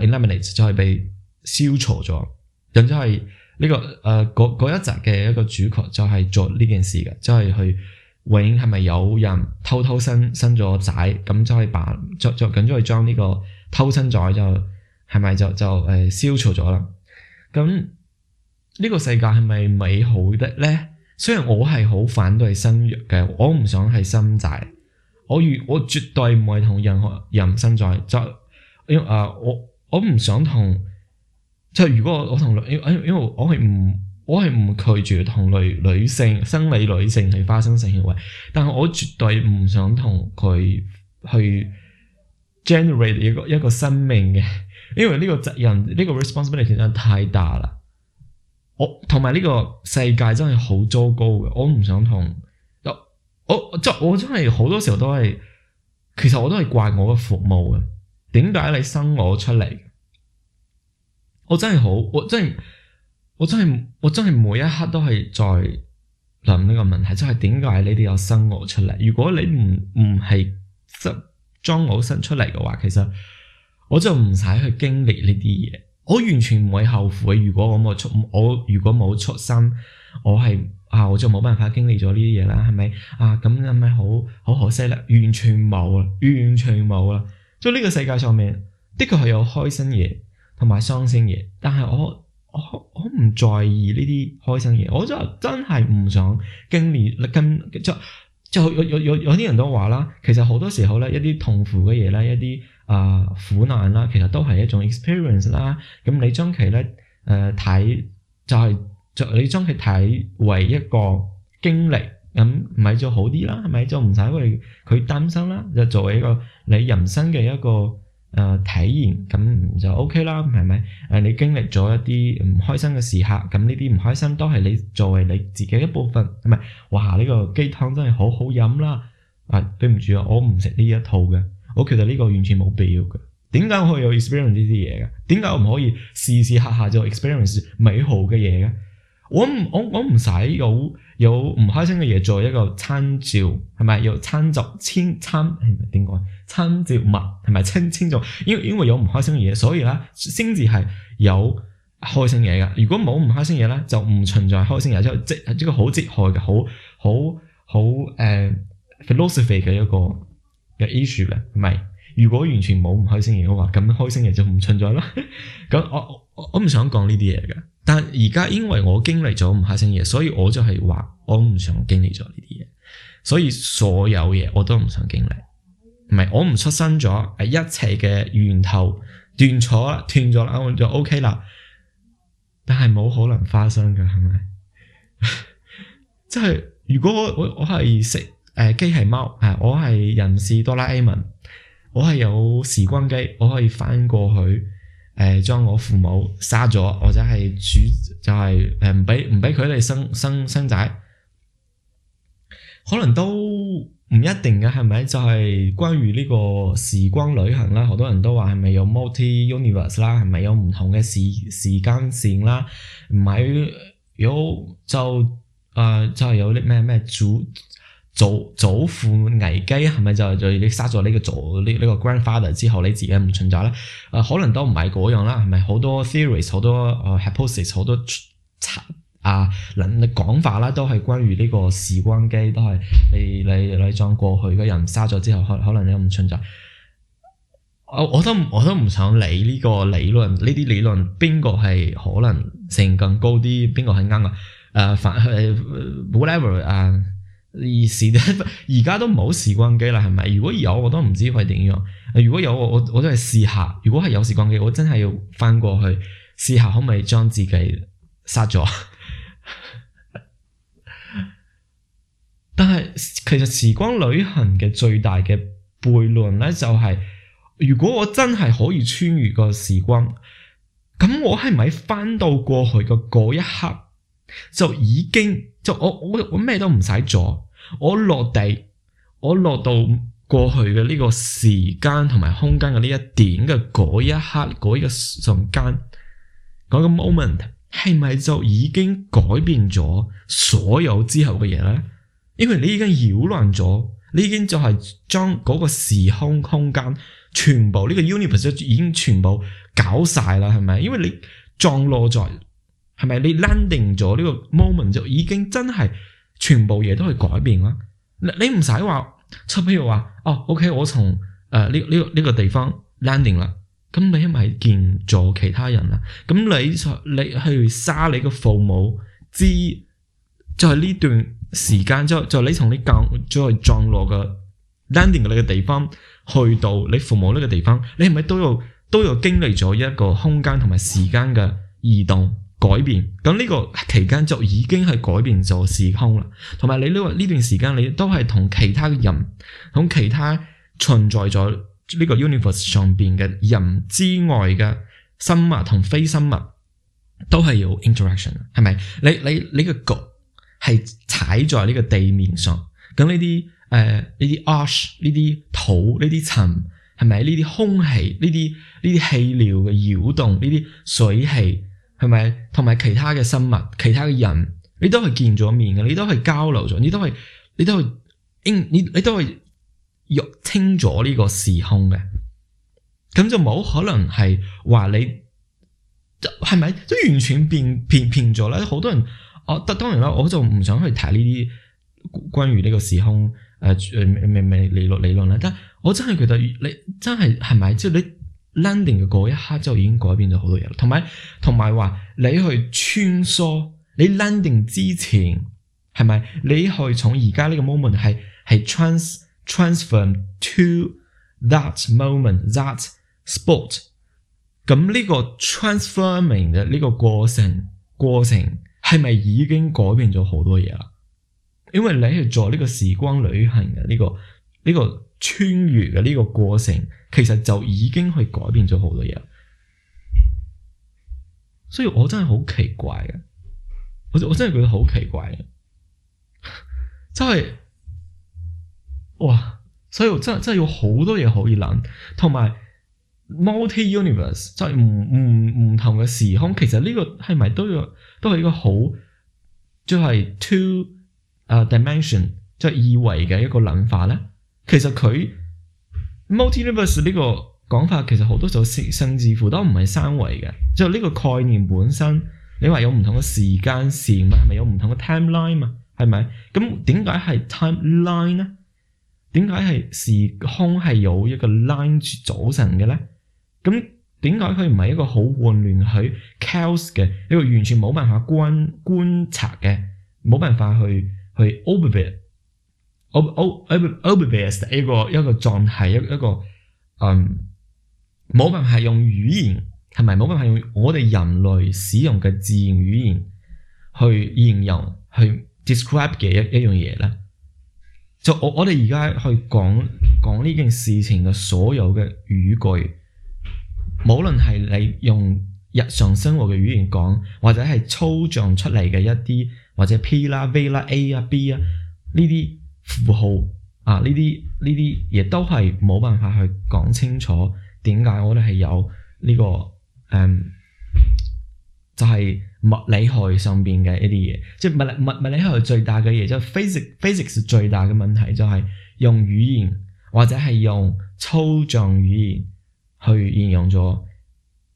eliminate，就係被消除咗。咁即係呢個誒嗰一集嘅一個主角就係做呢件事嘅，即、就、係、是、去永係咪有人偷偷生生咗仔，咁就再把再就咁再將呢個偷生仔就。係咪就就誒消除咗啦？咁、欸、呢、這個世界係咪美好的咧？雖然我係好反對生育嘅，我唔想係生仔，我如我絕對唔係同任何人生仔，就因啊、呃，我我唔想同即係如果我,我同女因因為我係唔我係唔拒絕同女女性生理女性去發生性行為，但係我絕對唔想同佢去 generate 一個一個生命嘅。因為呢個責任呢個 responsibility 真係太大啦，我同埋呢個世界真係好糟糕嘅，我唔想同我即我，我真係好多時候都係，其實我都係怪我嘅服務嘅，點解你生我出嚟？我真係好，我真係我真係我真係每一刻都係在諗呢個問題，真係點解你哋又生我出嚟？如果你唔唔係生將我生出嚟嘅話，其實。我就唔使去經歷呢啲嘢，我完全唔會後悔。如果我冇出，我如果冇出生，我係啊，我就冇辦法經歷咗呢啲嘢啦，係咪啊？咁係咪好好可惜咧？完全冇啊，完全冇啦。就呢個世界上面，的確係有開心嘢同埋傷心嘢，但係我我我唔在意呢啲開心嘢，我就真係唔想經歷。咁就就有有有有啲人都話啦，其實好多時候咧，一啲痛苦嘅嘢咧，一啲。啊、呃，苦難啦，其實都係一種 experience 啦。咁、嗯、你將佢咧，誒、呃、睇就係、是、就你將佢睇為一個經歷，咁咪就好啲啦，係咪？就唔使為佢擔心啦。就作為一個你人生嘅一個誒、呃、體驗，咁就 OK 啦，係咪？誒、啊，你經歷咗一啲唔開心嘅時刻，咁呢啲唔開心都係你作為你自己一部分，係咪？哇，呢、這個雞湯真係好好飲啦！啊，對唔住啊，我唔食呢一套嘅。我覺得呢個完全冇必要嘅，點解我可以有 experience 呢啲嘢嘅？點解我唔可以時時刻刻就 experience 美好嘅嘢嘅？我不我我唔使有有唔開心嘅嘢做一個參照，係咪？有參照、參參點講？參照物係咪？清清楚因為因為有唔開心嘢，所以呢，先至係有開心嘢嘅。如果冇唔開心嘢呢，就唔存在開心嘢。即係即係呢個好哲學嘅，好好好 philosophy 嘅一個 issue 咧，唔係，如果完全冇唔開心嘅話，咁開心嘅就唔存在啦。咁 我我唔想講呢啲嘢嘅，但而家因為我經歷咗唔開心嘢，所以我就係話我唔想經歷咗呢啲嘢，所以所有嘢我都唔想經歷。唔係我唔出生咗，係一切嘅源頭斷咗，斷咗啦，我就 OK 啦。但係冇可能發生嘅係咪？即係、 就是、如果我我係食。誒，機械貓，係、啊、我係人士哆啦 A 夢，我係有時光機，我可以翻過去，誒、啊，將我父母殺咗，或者係主就係誒唔俾唔俾佢哋生生生仔，可能都唔一定嘅，係咪？就係關於呢個時光旅行啦，好多人都話係咪有 multi universe 啦，係咪有唔同嘅時時間線啦？唔係、呃就係、有就誒就係有啲咩咩主。祖祖父危機係咪就就你殺咗呢個祖呢呢個 grandfather 之後你自己唔存在咧？誒、呃，可能都唔係嗰樣啦，係咪？好、uh, 多 theories，好多誒 hypothesis，好多啊論嘅講法啦，都係關於呢個時光機，都係你你你撞過去嘅人殺咗之後，可可能你唔存在。呃、我，我都我都唔想理呢個理論，呢啲理論邊個係可能性更高啲，邊個係啱噶？誒 whatever 啊！而時而家都冇時光機啦，係咪？如果有我都唔知會點樣。如果有我，我都係試下。如果係有時光機，我真係要翻過去試下可唔可以將自己殺咗。 但係其實時光旅行嘅最大嘅悖論咧，就係、是、如果我真係可以穿越個時光，咁我係咪翻到過去嘅嗰一刻？就已經就我我我咩都唔使做，我落地，我落到過去嘅呢個時間同埋空間嘅呢一點嘅嗰一刻，嗰一個瞬間，嗰個 moment 係咪就已經改變咗所有之後嘅嘢咧？因為你已經擾亂咗，你已經就係將嗰個時空空間全部呢個 universe 已經全部搞晒啦，係咪？因為你撞落在。係咪你 landing 咗呢個 moment 就已經真係全部嘢都去改變啦？你唔使話，即係譬如話，哦，OK，我從誒呢呢個呢個地方 landing 啦，咁你係咪見咗其他人啦？咁你你去殺你嘅父母之，在呢段時間即係就是、你從你降即係降落嘅 landing 嘅呢個地方去到你父母呢個地方，你係咪都有都有經歷咗一個空間同埋時間嘅移動？改變，咁呢個期間就已經係改變咗時空啦。同埋你呢個呢段時間，你都係同其他人，同其他存在咗呢個 universe 上邊嘅人之外嘅生物同非生物，都係有 interaction，係咪？你你你個腳係踩在呢個地面上，咁呢啲誒呢啲 ash 呢啲土呢啲塵，係咪呢啲空氣呢啲呢啲氣流嘅擾動，呢啲水汽？係咪？同埋其他嘅生物，其他嘅人，你都係見咗面嘅，你都係交流咗，你都係，你都係應，你你都係認清咗呢個時空嘅，咁就冇可能係話你係咪都完全變變變咗啦？好多人，我、哦、當然啦，我就唔想去睇呢啲關於呢個時空誒誒誒誒理論理論啦。但係我真係覺得，你真係係咪即係你？landing 嘅嗰一刻就已經改變咗好多嘢啦，同埋同埋話你去穿梭，你 landing 之前係咪你去從而家呢個 moment 係係 trans transform to that moment that spot？r 咁呢個 transforming 嘅呢個過程過程係咪已經改變咗好多嘢啦？因為你係做呢個時光旅行嘅呢個呢個。這個穿越嘅呢個過程，其實就已經去改變咗好多嘢，所以我真係好奇怪嘅，我真係覺得好奇怪嘅，真係，哇！所以我真真係有好多嘢可以諗，univers, 同埋 multi universe 即係唔唔唔同嘅時空，其實呢個係咪都要，都係一個好即係 two 誒、uh, dimension 即係二維嘅一個諗法咧？其實佢 multiverse 呢個講法，其實好多時候甚至乎都唔係三維嘅，就呢個概念本身，你話有唔同嘅時間線嘛，係咪有唔同嘅 timeline 嘛，啊，係咪？咁點解係 timeline 呢？點解係時空係有一個 line 組成嘅咧？咁點解佢唔係一個好混亂去 caused 嘅？呢個完全冇辦法觀觀察嘅，冇辦法去去 observe。ob ob obvious 一個一個狀態，一一個嗯，冇辦法用語言，係咪冇辦法用我哋人類使用嘅自然語言去形容去 describe 嘅一一樣嘢咧？就我我哋而家去講講呢件事情嘅所有嘅語句，無論係你用日常生活嘅語言講，或者係抽象出嚟嘅一啲或者 P 啦 V 啦 A 啊 B 啊呢啲。符號啊，呢啲呢啲嘢都係冇辦法去講清楚點解我哋係有呢、這個誒、嗯，就係、是、物理學上邊嘅一啲嘢，即係物物物理學最大嘅嘢，即、就、係、是、physics physics 最大嘅問題，就係用語言或者係用抽象語言去形容咗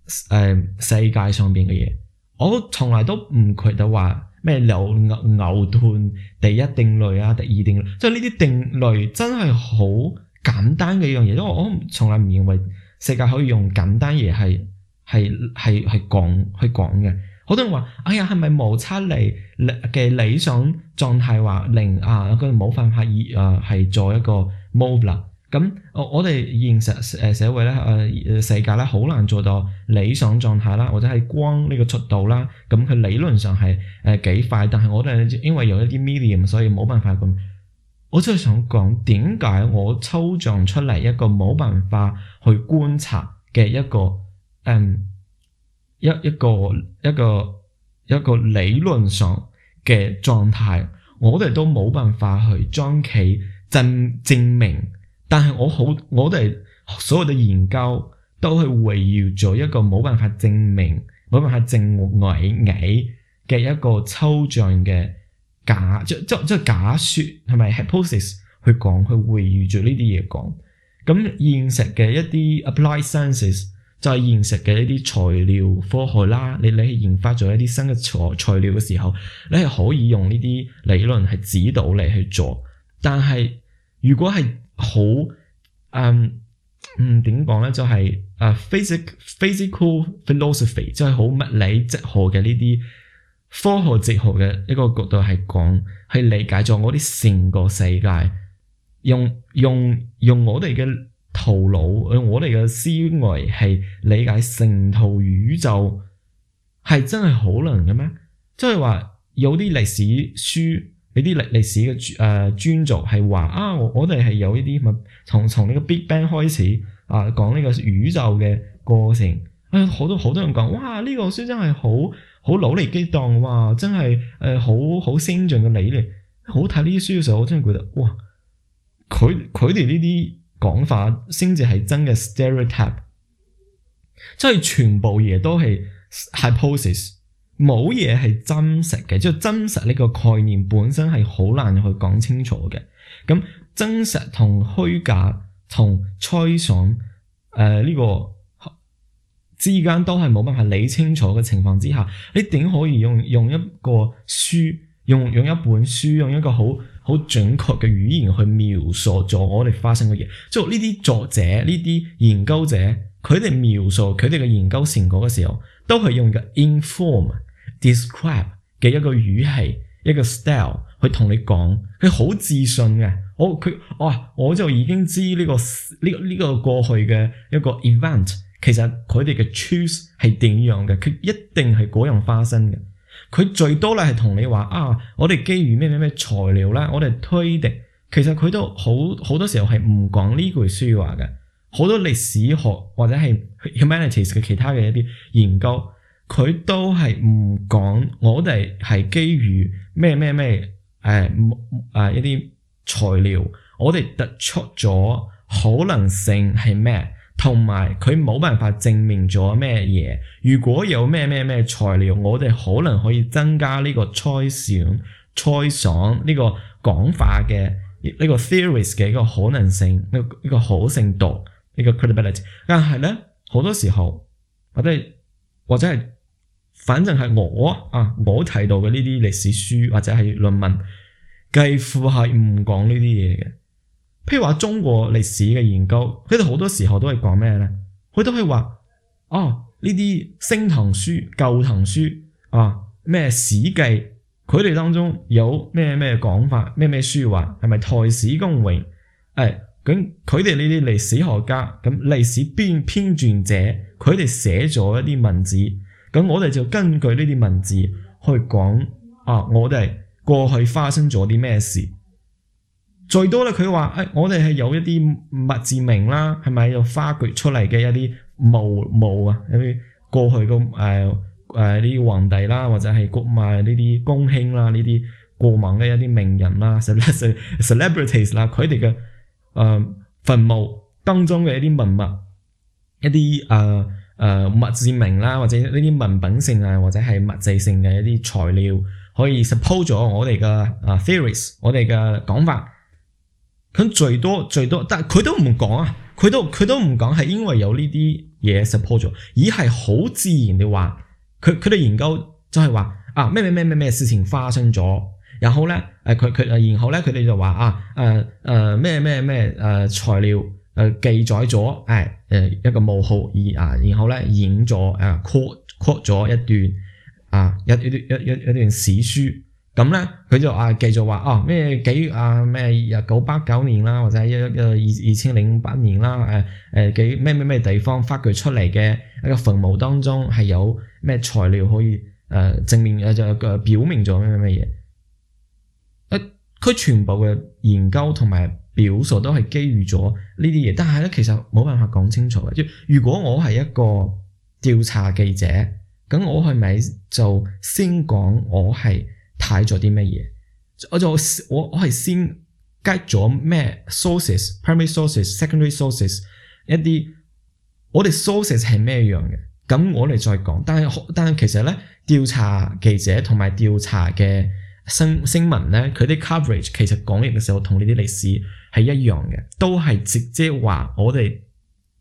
誒、嗯、世界上邊嘅嘢。我從來都唔覺得話。咩牛牛牛頓第一定律啊，第二定律，即係呢啲定律真係好簡單嘅一樣嘢，因為我從來唔認為世界可以用簡單嘢係係係係講去講嘅。好多人話：哎呀，係咪摩擦力嘅理想狀態話令啊？佢冇辦法以啊係做一個 move 咁我哋現實誒社會咧誒、呃、世界咧好難做到理想狀態啦，或者係光呢個速度啦，咁佢理論上係誒幾快，但係我哋因為有一啲 medium，所以冇辦法咁。我真係想講點解我抽象出嚟一個冇辦法去觀察嘅一個嗯一一個一個一個一個理論上嘅狀態，我哋都冇辦法去將佢證證明。但係我好，我哋所有嘅研究都係圍繞咗一個冇辦法證明、冇辦法證偽偽嘅一個抽象嘅假，即即即係假說，係咪？Hypothesis 去講，去圍繞住呢啲嘢講。咁現實嘅一啲 applied sciences 就係現實嘅一啲材料科學啦。你你研發咗一啲新嘅材材料嘅時候，你係可以用呢啲理論去指導你去做，但係。如果係好、um, 嗯嗯點講咧，就係誒 physic physical philosophy，即係好物理哲學嘅呢啲科學哲學嘅一個角度係講，去理解咗我啲成個世界，用用用我哋嘅頭腦，用我哋嘅思維，係理解成套宇宙，係真係可能嘅咩？即係話有啲歷史書。呢啲歷歷史嘅專誒專著係話啊，我哋係有呢啲咁啊，從從呢個 Big Bang 開始啊，講呢個宇宙嘅過程。哎、啊,好多好多人講，哇，呢、這個書真係好好腦力激盪，哇，真係誒好好先進嘅理念。呃」好睇呢啲書嘅時候，我真係覺得，哇，佢佢哋呢啲講法先至係真嘅 stereotype，即係全部嘢都係 hypothesis。冇嘢係真實嘅，即係真實呢個概念本身係好難去講清楚嘅。咁真實同虛假同吹想，誒、呃、呢、呢個之間都係冇辦法理清楚嘅情況之下，你點可以用用一個書，用用一本書，用一個好好準確嘅語言去描述咗我哋發生嘅嘢？即係呢啲作者、呢啲研究者，佢哋描述佢哋嘅研究成果嘅時候，都係用嘅 inform，describe 嘅一個語氣，一個 style，去同你講，佢好自信嘅。我佢，哇、哦，我就已經知呢、呢個呢呢、呢個呢個過去嘅一個 event，其實佢哋嘅 truth 係點樣嘅，佢一定係嗰樣發生嘅。佢最多咧係同你話啊，我哋基於咩咩咩材料咧，我哋推定。其實佢都好好多時候係唔講呢句説話嘅。好多歷史學或者係 humanities 嘅其他嘅一啲研究。佢都係唔講，我哋係基於咩咩咩誒唔一啲材料，我哋突出咗可能性係咩，同埋佢冇辦法證明咗咩嘢。如果有咩咩咩材料，我哋可能可以增加呢個猜想、猜想呢個講法嘅呢、呢個 theories 嘅一個可能性，呢個一個可信度，一個、呢個、credibility。但係咧，好多時候或者或者係。反正係我啊，我提到嘅呢啲歷史書或者係論文，幾乎係唔講呢啲嘢嘅。譬如話中國歷史嘅研究，佢哋好多時候都係講咩呢？佢都係話：哦，呢啲《新唐書》《舊唐書》啊，咩《史記》，佢哋當中有咩咩講法，咩咩書畫，係咪太史公榮？誒、哎，咁佢哋呢啲歷史學家，咁歷史編編纂者，佢哋寫咗一啲文字。咁我哋就根據呢啲文字去講啊，我哋過去發生咗啲咩事？最多咧，佢話：誒、哎，我哋係有一啲墓誌銘啦，係咪有發掘出嚟嘅一啲墓墓啊？一啲過去嘅誒誒啲皇帝啦，或者係國外呢啲公卿啦，呢啲過往嘅一啲名人啦，celebrities 啦，佢哋嘅誒墳墓當中嘅一啲文物，一啲誒。呃誒物、呃、字名啦，或者呢啲文本性啊，或者係物質性嘅一啲材料，可以 support 咗我哋嘅誒 theories，我哋嘅講法。佢最多最多，但係佢都唔講啊，佢都佢都唔講，係因為有呢啲嘢 support 咗，而係好自然地話，佢佢哋研究就係話啊咩咩咩咩咩事情發生咗，然後咧誒佢佢，然後咧佢哋就話啊誒誒咩咩咩誒材料。誒記載咗，誒誒一個墓號而啊，然後咧演咗誒 quote quote 咗一段啊一一啲一一一段史書，咁咧佢就啊繼續話哦咩、啊啊啊啊、幾月啊咩又九八九年啦，或者一一二二千零八年啦，誒誒幾咩咩咩地方發掘出嚟嘅一個墳墓當中係有咩材料可以誒證明誒就個表明咗咩咩嘢？誒佢、啊、全部嘅研究同埋。表述都係基於咗呢啲嘢，但係咧其實冇辦法講清楚嘅。即係如果我係一個調查記者，咁我係咪就先講我係睇咗啲咩嘢？我就我我係先 get 咗咩 sources，primary sources，secondary sources 一啲。我哋 sources 係咩樣嘅？咁我哋再講。但係但係其實咧，調查記者同埋調查嘅新新聞咧，佢啲 coverage 其實講嘢嘅時候同呢啲歷史。係一樣嘅，都係直接話我哋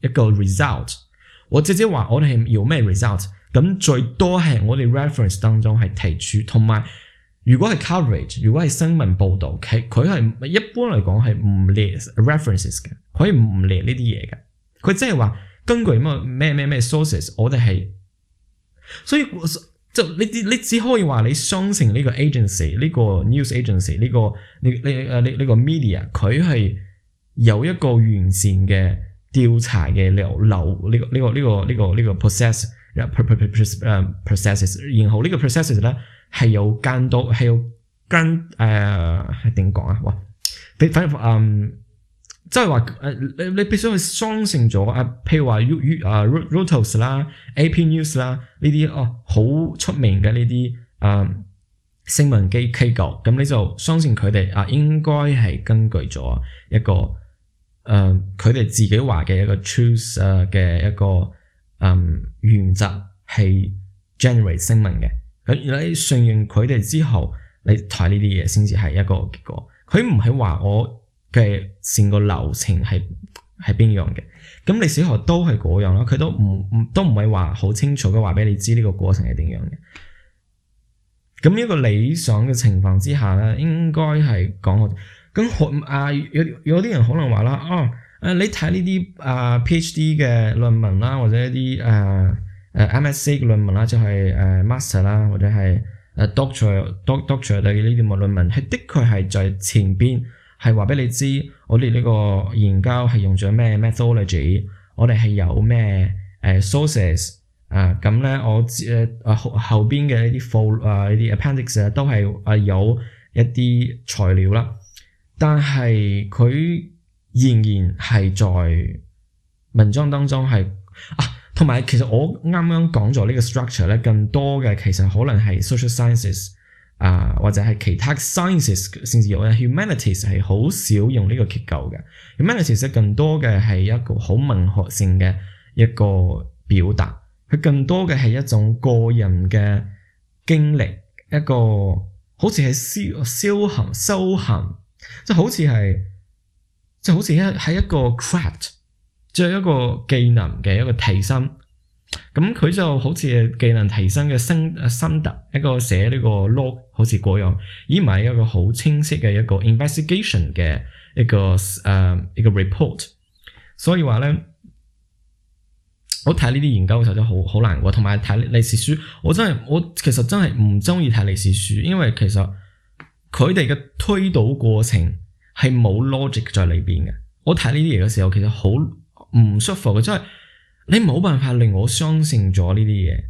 一個 result，我直接話我哋係要咩 result，咁最多係我哋 reference 當中係提出，同埋如果係 coverage，如果係新聞報道，佢佢係一般嚟講係唔列 references 嘅，可以唔列呢啲嘢嘅，佢即係話根據乜咩咩咩 sources，我哋係，所以。就呢啲，你只可以話你相信呢個，ag ency，個 agency，呢、這個 news agency，呢個呢呢誒呢呢個、這個、media，佢係有一個完善嘅調查嘅流流呢、這個呢、這個呢個呢個呢個 process，process es，然後個 process 呢個 processes 咧係有監督、呃，係有監誒係點講啊？哇你反正。Um, 即係話誒，你、呃、你必須去相信咗啊，譬如話 U U 啊 Reuters 啦，AP News 啦呢啲哦好出名嘅呢啲誒新聞機機構，咁你就相信佢哋啊，應該係根據咗一個誒佢哋自己話嘅一個 truth 啊嘅一個誒、呃、原則係 generate 新聞嘅，咁而你信任佢哋之後，你睇呢啲嘢先至係一個結果，佢唔係話我。佢成個流程係係邊樣嘅？咁你小學都係嗰樣啦，佢都唔唔都唔係話好清楚，佢話俾你知呢個過程係點樣嘅。咁一個理想嘅情況之下咧，應該係講學咁啊。有有啲人可能話啦，哦，誒你睇呢啲啊 PhD 嘅論文啦，或者一啲誒誒 MSc 嘅論文啦，就係誒 master 啦，或者係誒 doctor doctor 嘅呢啲嘅論文，係、呃、的，的確係在前邊。係話俾你知，我哋呢個研究係用咗咩 methodology，我哋係有咩誒 sources 啊？咁咧我誒啊後後邊嘅呢啲附啊一啲 appendix、啊、都係啊有一啲材料啦，但係佢仍然係在文章當中係啊，同埋其實我啱啱講咗呢個 structure 咧，更多嘅其實可能係 social sciences。啊，或者係其他 sciences 甚至有咧、啊、humanities 係好少用呢個結構嘅，humanities 其實更多嘅係一個好文學性嘅一個表達，佢更多嘅係一種個人嘅經歷，一個好似係消修行修行，即係、好似係即係、好似一喺一個 craft，即係一個技能嘅一個提升。咁佢就好似技能提升嘅心心得，一個寫呢個 log，ue, 好似嗰樣，而唔係一個好清晰嘅一個 investigation 嘅一個誒、uh, 一個 report。所以話咧，我睇呢啲研究嘅時候都好好難過，同埋睇歷史書，我真係我其實真係唔中意睇歷史書，因為其實佢哋嘅推導過程係冇 logic 在裏邊嘅。我睇呢啲嘢嘅時候，其實好唔舒服嘅，真係。你冇辦法令我相信咗呢啲嘢，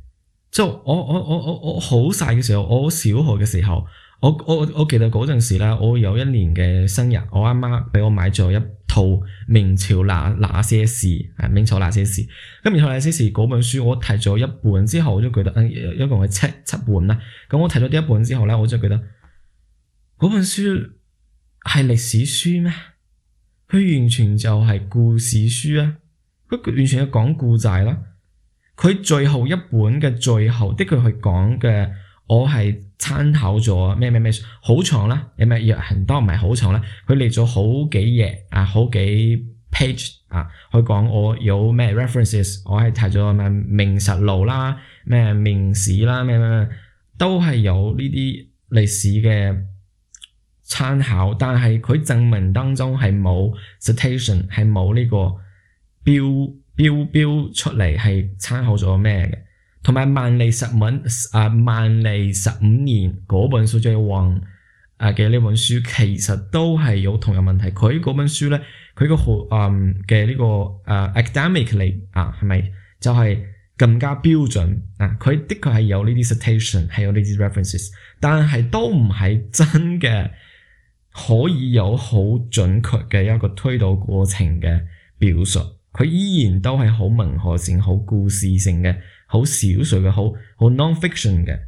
就我我我我我好細嘅時候，我小學嘅時候，我我我記得嗰陣時啦，我有一年嘅生日，我阿媽俾我買咗一套明朝那那些事啊，明朝那些事，咁然後那些事嗰本書我睇咗一半之後，我、嗯啊我之後，我就覺得，一一共係七七本啦，咁我睇咗呢一半之後咧，我就覺得嗰本書係歷史書咩？佢完全就係故事書啊！佢完全係講故仔啦，佢最後一本嘅最後，的確係講嘅，我係參考咗咩咩咩，好長啦，有咩若行多唔係好長啦，佢列咗好幾頁啊，好幾 page 啊，佢講我有咩 references，我係提咗咩明實錄啦，咩明史啦，咩咩咩，都係有呢啲歷史嘅參考，但係佢證明當中係冇 citation，係冇呢個。標標標，標出嚟係參考咗咩嘅？同埋萬曆十文啊，萬曆十五年嗰本書最旺啊嘅呢本書其實都係有同樣問題。佢嗰本書咧，佢個好嗯嘅呢、這個啊 academic 嚟啊，係咪、啊、就係、是、更加標準啊？佢的確係有呢啲 citation，係有呢啲 references，但係都唔係真嘅，可以有好準確嘅一個推導過程嘅表述。佢依然都係好文學性、好故事性嘅、好小説嘅、好好 non-fiction 嘅，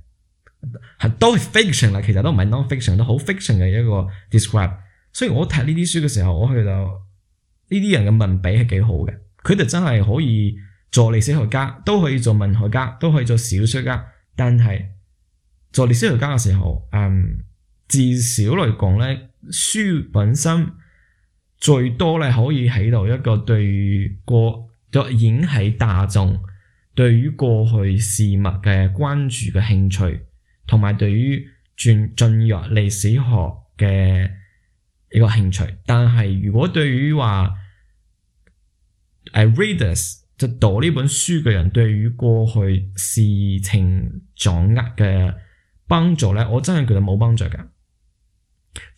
係都係 fiction 啦。其實都唔係 non-fiction，都好 fiction 嘅一個 describe。所以我睇呢啲書嘅時候，我覺得呢啲人嘅文筆係幾好嘅。佢哋真係可以做歷史學家，都可以做文學家，都可以做小説家。但係做歷史學家嘅時候，嗯，至少嚟講咧，書本身。最多咧可以起到一個對於過引起大眾對於過去事物嘅關注嘅興趣，同埋對於進進入歷史學嘅一個興趣。但係如果對於話誒 readers 就讀呢本書嘅人，對於過去事情掌握嘅幫助咧，我真係覺得冇幫助噶。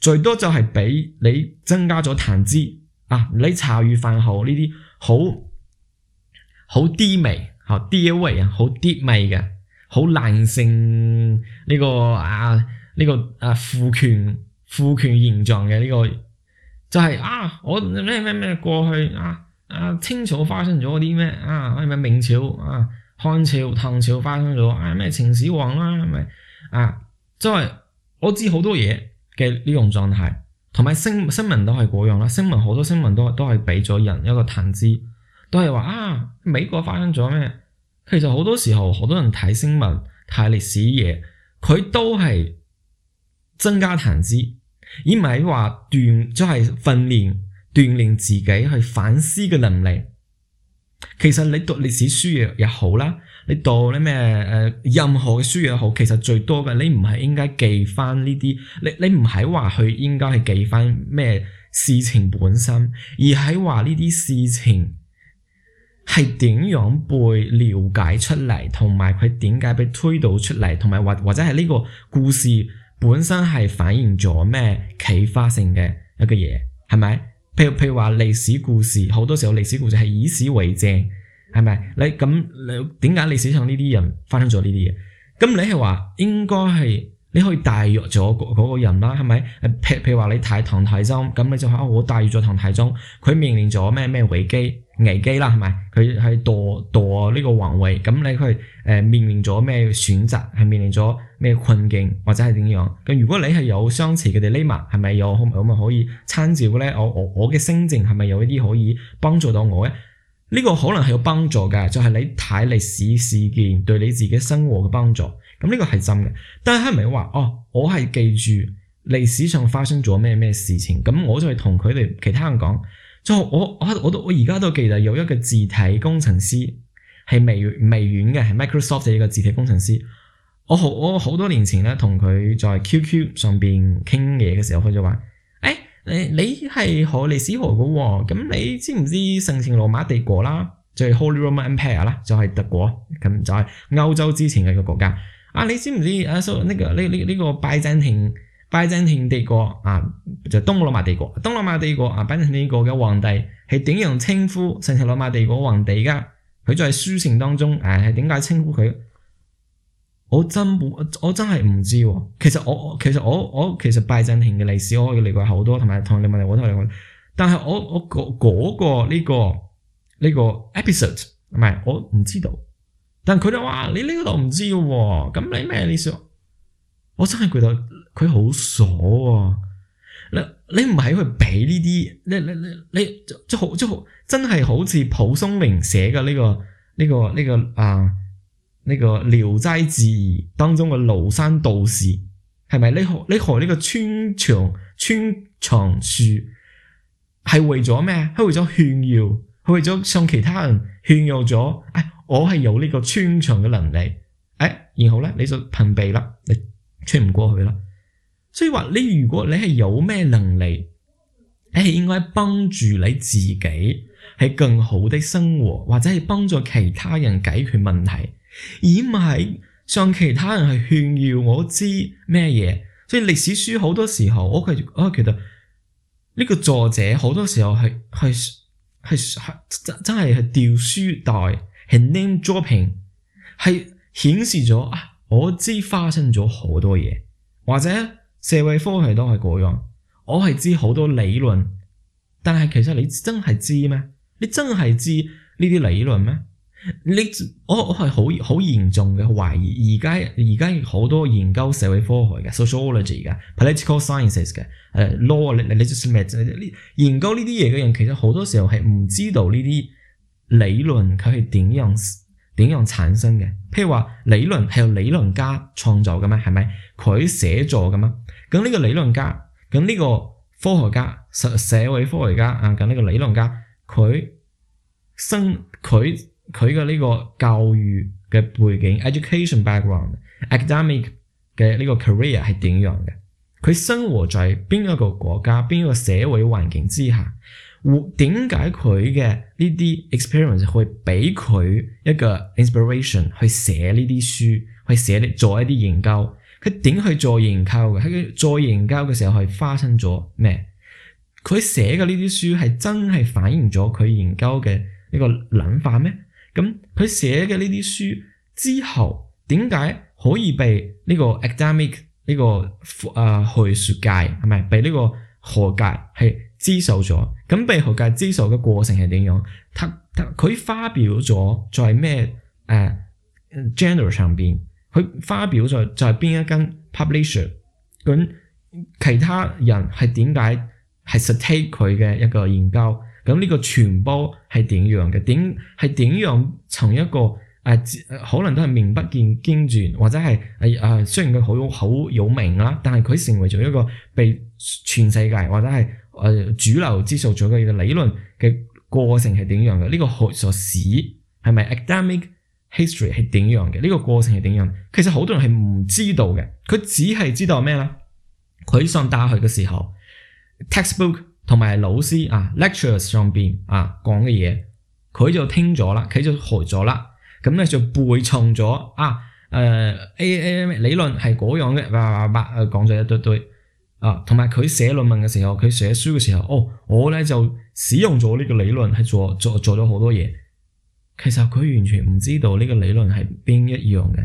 最多就係俾你增加咗談資啊！你茶餘飯後呢啲好好低微吓，低微、uh, 這個、啊，好啲味嘅，好爛成呢個啊呢個啊父權父權現狀嘅呢個，就係、是、啊我咩咩咩過去啊啊清朝發生咗啲咩啊咩咩明朝啊漢朝唐朝發生咗啊咩秦始皇啦，係咪？啊即係、啊啊、我知好多嘢。嘅呢種狀態，同埋新新聞都係嗰樣啦。新聞好多新聞都都係畀咗人一個談資，都係話啊美國發生咗咩？其實好多時候，好多人睇新聞、睇歷史嘢，佢都係增加談資，而唔係話鍛，即係訓練、鍛鍊自己去反思嘅能力。其實你讀歷史書嘢又好啦。你度啲咩？誒、呃，任何嘅書又好，其實最多嘅，你唔係應該記翻呢啲，你你唔係話佢應該係記翻咩事情本身，而係話呢啲事情係點樣被了解出嚟，同埋佢點解被推導出嚟，同埋或或者係呢個故事本身係反映咗咩啟發性嘅一個嘢，係咪？譬如譬如話歷史故事，好多時候歷史故事係以史為證。係咪？那 niin, 那你咁你點解歷史上呢啲人發生咗呢啲嘢？咁你係話應該係你可以代入咗嗰嗰個人啦，係咪？譬如話你睇唐太宗，咁你就話我代入咗唐太宗，佢面臨咗咩咩危機危機啦，係咪？佢係奪奪呢個皇位，咁你去誒、呃、面臨咗咩選擇？係面臨咗咩困境或者係點樣？咁如果你係有相似嘅 dilemma，係咪有可咁啊可以參照咧？我我我嘅心情係咪有一啲可以幫助到我咧？呢個可能係有幫助嘅，就係、是、你睇歷史事件對你自己生活嘅幫助，咁、這、呢個係真嘅。但係係咪係話哦？我係記住歷史上發生咗咩咩事情，咁我就係同佢哋其他人講。就我我我都我而家都記得有一個字體工程師係微微軟嘅，係 Microsoft 嘅一個字體工程師。我好我好多年前咧，同佢在 QQ 上邊傾嘢嘅時候，佢就話。你係學歷史嘅喎、哦，咁你知唔知神聖羅馬帝國啦，就係、是、Holy Roman Empire 啦，就係、是、德國，咁就係歐洲之前嘅一個國家。啊，你知唔知啊？所、那、呢個呢呢呢個拜占庭拜占庭帝國啊，就是、東羅馬帝國，東羅馬帝國啊，拜占庭帝國嘅皇帝係點樣稱呼神聖羅馬帝國皇帝㗎？佢在書城當中，誒、啊，點解稱呼佢？我真本我真係唔知、哦，其實我其實我我其實拜占庭嘅歷史，我可以了解好多，同埋唐利文我都了解。但係我我嗰嗰個呢個呢個 episode 唔係，我唔、那個這個這個、知道。但佢就話你呢度唔知、哦，咁你咩你說？我真係覺得佢好傻、啊。你你唔係去畀呢啲，你你你你即即好即好，真係好似蒲松齡寫嘅呢、這個呢、這個呢、這個、這個、啊。呢個《聊齋志異》當中嘅廬山道士，係咪呢？你學呢個穿牆穿牆術係為咗咩？係為咗炫耀，係為咗向其他人炫耀咗。誒、哎，我係有呢個穿牆嘅能力。誒、哎，然後咧，你就屏蔽啦，你穿唔過去啦。所以話你，如果你係有咩能力，你係誒，應該幫助你自己，係更好的生活，或者係幫助其他人解決問題。而唔係向其他人係炫耀我知咩嘢，所以歷史書好多時候我係我係覺得呢個作者好多時候係係係係真係係掉書袋，係 name dropping，係顯示咗啊我知發生咗好多嘢，或者社會科學都係嗰樣，我係知好多理論，但係其實你真係知咩？你真係知呢啲理論咩？你我我係好好嚴重嘅懷疑，而家而家好多研究社會科學嘅、sociology 嘅、political sciences 嘅、誒、uh, law 咧，你你做咩？呢研究呢啲嘢嘅人，其實好多時候係唔知道呢啲理論佢係點樣點樣產生嘅。譬如話理論係由理論家創造嘅咩？係咪佢寫作嘅嗎？咁呢個理論家，咁呢個科學家、社社會科學家啊，咁呢個理論家，佢生佢。佢嘅呢個教育嘅背景 （education background）、academic 嘅呢個 career 係點樣嘅？佢生活在邊一個國家、邊一個社會環境之下？點解佢嘅呢啲 experience 會俾佢一個 inspiration 去寫呢啲書、去寫做一啲研究？佢點去做研究嘅？喺佢做研究嘅時候係發生咗咩？佢寫嘅呢啲書係真係反映咗佢研究嘅呢個諗法咩？咁佢寫嘅呢啲書之後，點解可以被呢個 academic 呢個啊學術界係咪被呢個學界係接受咗？咁被學界接受嘅過程係點樣？佢發表咗在咩、呃、journal 上邊？佢發表咗在邊一間 publisher？咁其他人係點解係 take 佢嘅一個研究？咁呢個傳播係點樣嘅？點係點樣從一個誒、呃、可能都係名不見經傳，或者係誒誒雖然佢好有好有名啦，但係佢成為咗一個被全世界或者係誒、呃、主流接受咗嘅理論嘅過程係點樣嘅？呢、這個學術史係咪 academic history 係點樣嘅？呢、這個過程係點樣？其實好多人係唔知道嘅，佢只係知道咩咧？佢上大學嘅時候 textbook。Text 同埋老師啊、uh,，lectures 上邊啊講嘅嘢，佢、uh, 就聽咗啦，佢就學咗啦，咁咧就背誦咗啊，誒、呃、a, a, a 理論係嗰樣嘅，白白白講咗一堆堆啊，同埋佢寫論文嘅時候，佢寫書嘅時候，哦，我咧就使用咗呢個理論，係做做做咗好多嘢。其實佢完全唔知道呢個理論係邊一樣嘅，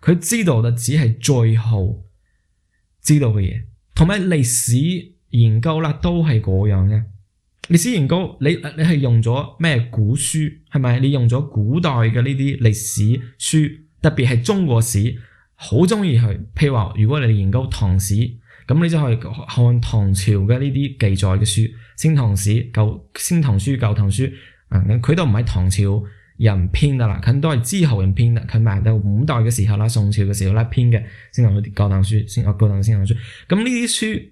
佢知道嘅只係最後知道嘅嘢，同埋歷史。研究啦，都係嗰樣嘅。歷史研究，你你係用咗咩古書？係咪？你用咗古代嘅呢啲歷史書，特別係中國史，好鍾意去。譬如話，如果你研究唐史，咁你就可以看，看，看唐朝嘅呢啲記載嘅書，《新唐史》、《舊新唐書》、《舊唐書》啊、嗯。佢都唔係唐朝人編噶啦，佢都係之後人編啦。佢咪到五代嘅時候啦、宋朝嘅時候啦編嘅《新唐書》、《舊唐書》、《新舊唐新唐書》唐。咁呢啲書。嗯。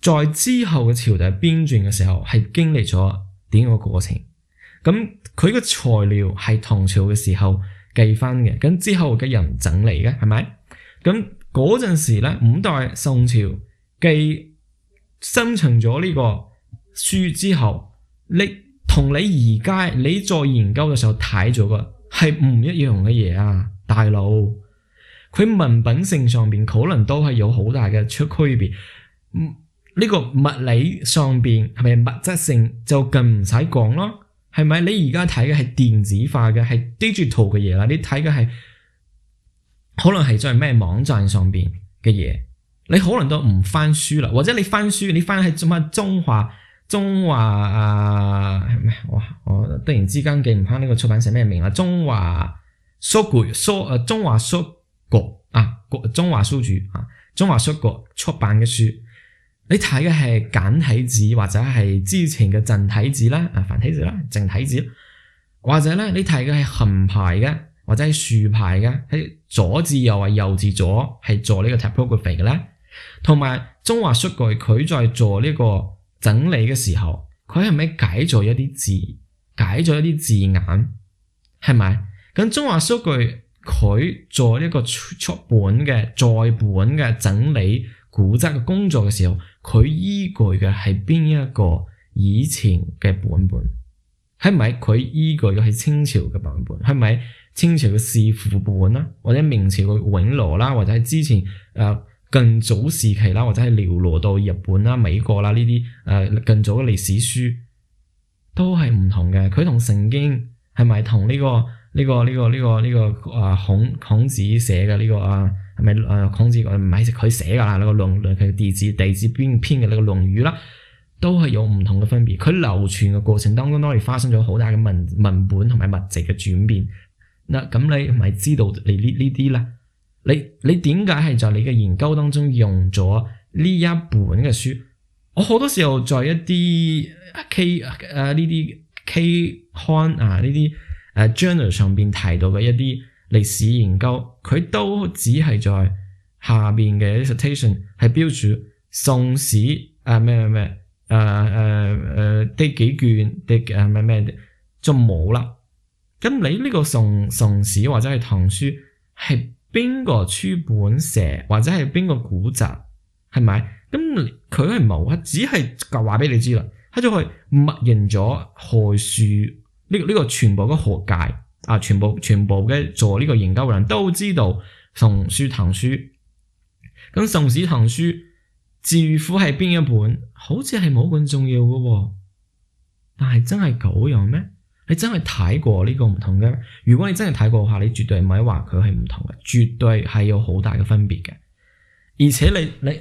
在之後嘅朝代編纂嘅時候，係經歷咗點個過程？咁佢個材料係唐朝嘅時候記翻嘅，咁之後嘅人整理嘅，係咪？咁嗰陣時咧，五代宋朝記生成咗呢個書之後，你同你而家你再研究嘅時候睇咗嘅係唔一樣嘅嘢啊，大佬！佢文本性上邊可能都係有好大嘅出區別，嗯。呢個物理上邊係咪物質性就更唔使講咯？係咪你而家睇嘅係電子化嘅係 Digital 嘅嘢啦？你睇嘅係可能係在咩網站上邊嘅嘢？你可能都唔翻書啦，或者你翻書你翻喺做乜中華中華啊？係咪？我我突然之間記唔翻呢個出版社咩名啦？中華書局書啊，中華書局啊，中華書局啊，中華書局出版嘅書。你睇嘅係簡體字或者係之前嘅正體字啦，啊繁體字啦，正體字，或者咧你睇嘅係橫排嘅或者係豎排嘅，喺左至右或右至左係做呢個 typography 嘅咧。同埋中華書局佢在做呢個整理嘅時候，佢係咪解咗一啲字，解咗一啲字眼，係咪？咁中華書局佢做呢個出本嘅再本嘅整理古籍嘅工作嘅時候。佢依據嘅係邊一個以前嘅版本，本？係咪佢依據嘅係清朝嘅版本，本？係咪清朝嘅四庫本啦，或者明朝嘅永樂啦，或者係之前誒、呃、更早時期啦，或者係流落到日本啦、美國啦呢啲誒更早嘅歷史書都係唔同嘅。佢同《聖經》係咪同呢個呢、呢個呢、呢個呢、呢個呢、呢個啊孔孔子寫嘅呢、呢個啊？係咪？誒、呃，孔子講唔係佢寫噶啦，嗰、那個論論佢弟子、弟子編編嘅呢個論語啦，都係有唔同嘅分別。佢流傳嘅過程當中，當然發生咗好大嘅文文本同埋物質嘅轉變。嗱，咁你係咪知道你呢呢啲啦？你你點解係在你嘅研究當中用咗呢一本嘅書？我好多時候在一啲 K 誒呢啲 K 刊啊，呢啲誒、啊、journal 上邊提到嘅一啲。歷史研究佢都只係在下面嘅 citation 係標註《宋史》啊咩咩咩誒誒誒第幾卷第誒咩咩，就冇啦。咁你呢個宋《宋宋史》或者係《唐書》係邊個出版社，或者係邊個古籍係咪？咁佢係冇啊，只係話俾你知啦，喺度去默認咗害樹呢呢、這個這個全部嘅學界。啊！全部全部嘅做呢個研究嘅人都知道《松鼠藤書》，咁《松鼠藤書》字庫係邊一本？好似係冇咁重要嘅，哦，但係真係咁樣咩？你真係睇過呢個唔同嘅？如果你真係睇過嘅話，你絕對唔係話佢係唔同嘅，絕對係有好大嘅分別嘅。而且你你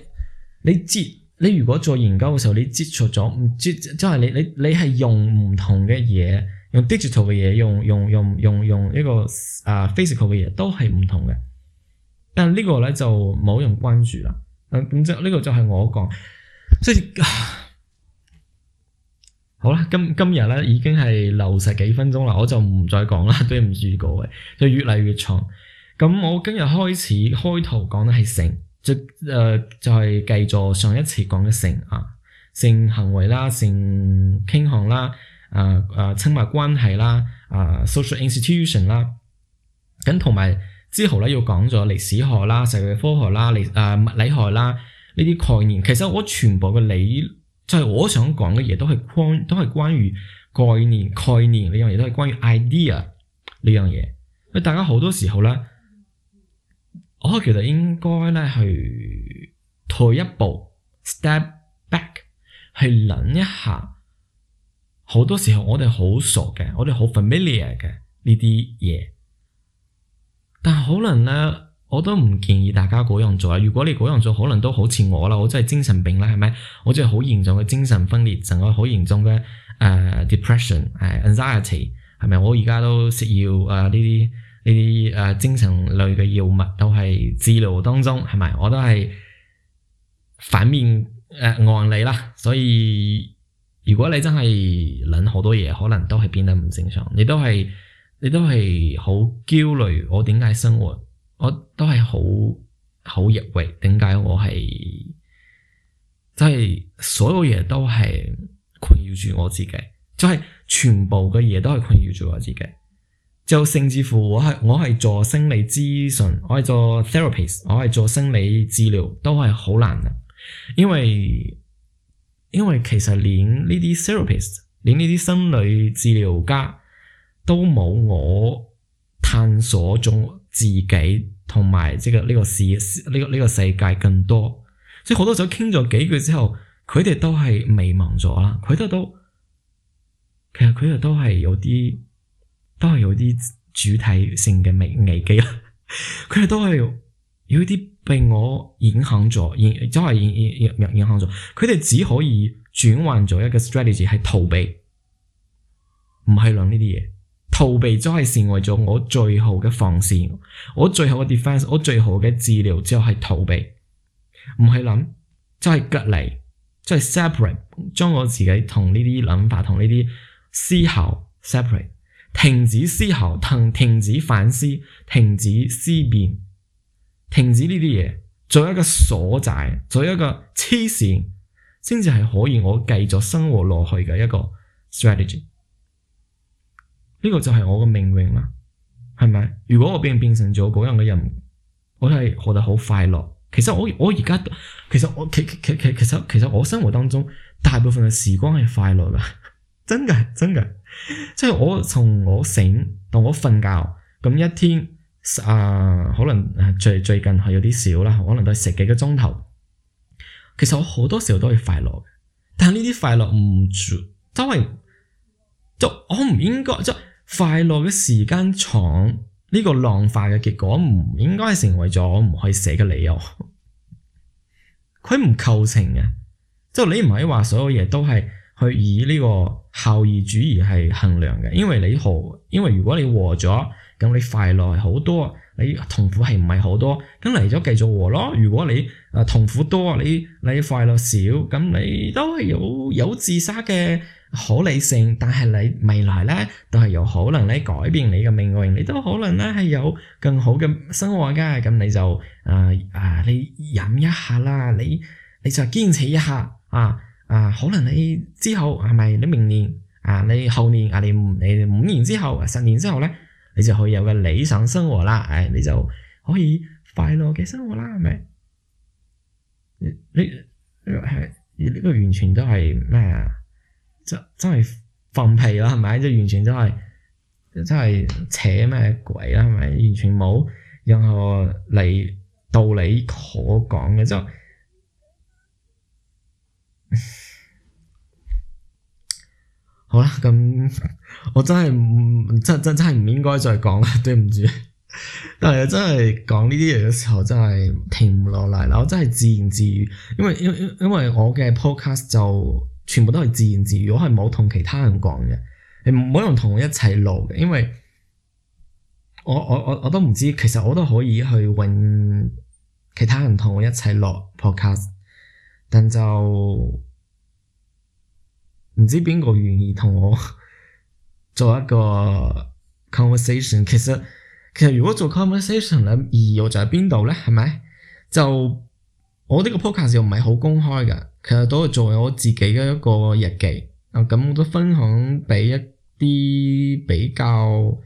你接你，你如果做研究嘅時候，你接觸咗唔知，即係、就是、你你你係用唔同嘅嘢。用 digital 嘅嘢，用用用用用呢個啊、呃、physical 嘅嘢都係唔同嘅，但係呢個咧就冇人關注啦。咁即呢個就係我講，即係、啊、好啦。今今日咧已經係六十幾分鐘啦，我就唔再講啦，對唔住各位，就越嚟越長。咁我今日開始開頭講嘅係性，即誒就係繼、呃就是、續上一次講嘅性啊，性行為啦，性傾向啦。啊啊，親、啊、密關係啦，啊 social institution 啦，咁同埋之後咧，要講咗歷史學啦、社會科學啦、理啊物理學啦呢啲概念。其實我全部嘅理，就係、是、我想講嘅嘢，都係關，都係關於概念概念呢樣嘢，都係關於 idea 呢樣嘢。大家好多時候咧，我其實應該咧去退一步 step back，去諗一下。好多時候我哋好傻嘅，我哋好 familiar 嘅呢啲嘢，但係可能咧，我都唔建議大家嗰樣做啊！如果你嗰樣做，可能都好似我啦，我真係精神病啦，係咪？我真係好嚴重嘅精神分裂症，uh, uh,，我好嚴重嘅誒 depression，誒 anxiety，係咪？我而家都食藥誒呢啲呢啲誒精神類嘅藥物，都係治療當中，係咪？我都係反面誒案例啦，所以。如果你真係諗好多嘢，可能都係變得唔正常。你都係，你都係好焦慮。我點解生活？我都係好好入圍。點解我係？即係所有嘢都係困擾住我自己。就係全部嘅嘢都係困擾住我自己。就甚至乎我係我係做心理諮詢，我係做 therapist，我係做心理治療，都係好難嘅，因為。因為其實連呢啲 therapist，連呢啲心理治療家都冇我探索中自己同埋即個呢、呢個事呢個呢個世界更多，所以好多時候傾咗幾句之後，佢哋都係迷茫咗啦。佢哋都其實佢哋都係有啲都係有啲主體性嘅危危機啦，佢 哋都係有啲。被我影響咗，影即係影影影影響咗。佢哋只可以轉換咗一個 strategy 係逃避，唔係諗呢啲嘢。逃避即係成為咗我最好嘅防線，我最好嘅 defence，我最好嘅治療只有係逃避，唔係諗，即係隔離，即係 separate，將我自己同呢啲諗法同呢啲思考 separate，停止思考，停停止反思，停止思辨。停止呢啲嘢，做一個傻仔，做一個黐線，先至係可以我繼續生活落去嘅一個 strategy。呢個就係我嘅命運啦，係咪？如果我變變成咗嗰樣嘅人，我係活得好快樂。其實我我而家，其實我其其其其其實其實，其實我生活當中大部分嘅時光係快樂噶， 真嘅真嘅。即係我從我醒到我瞓覺，咁一天。啊，可能最最近係有啲少啦，可能都係食幾個鐘頭。其實我好多時候都係快樂，但呢啲快樂唔做，因為就我唔應該，即快樂嘅時間長呢個浪費嘅結果唔應該成為咗我唔可以寫嘅理由。佢唔構成嘅，就你唔係話所有嘢都係去以呢個效益主義係衡量嘅，因為你活，因為如果你和咗。你快樂好多，你痛苦係唔係好多？咁嚟咗繼續和咯。如果你誒痛苦多，你你快樂少，咁你都係有有自殺嘅合理性，但係你未來咧都係有可能咧改變你嘅命運，你都可能咧係有更好嘅生活嘅。咁你就誒誒、呃啊，你忍一下啦，你你再堅持一下啊啊！可能你之後係咪你明年啊，你後年啊，你你五年之後、十年之後咧？你就可以有個理想生活啦，你就可以快樂嘅生活啦，係咪？你呢、這個完全都係咩啊？真真係放屁啦，係咪？即係完全都、就、係、是，真係扯咩鬼啦，係咪？完全冇任何理道理可講嘅，就 好啦，咁。我真係唔真真真係唔應該再講啦，對唔住。 但係真係講呢啲嘢嘅時候，真係停唔落嚟啦。我真係自言自語，因為因因為我嘅 podcast 就全部都係自言自語，我係冇同其他人講嘅，唔冇人同我一齊錄嘅，因為我我我我都唔知，其實我都可以去揾其他人同我一齊錄 podcast，但就唔知邊個願意同我。做一個 conversation，其實其實如果做 conversation 咧，意義又喺邊度咧？係咪？就我呢個 podcast 又唔係好公開嘅，其實都係作為我自己嘅一個日記啊，咁我都分享俾一啲比較。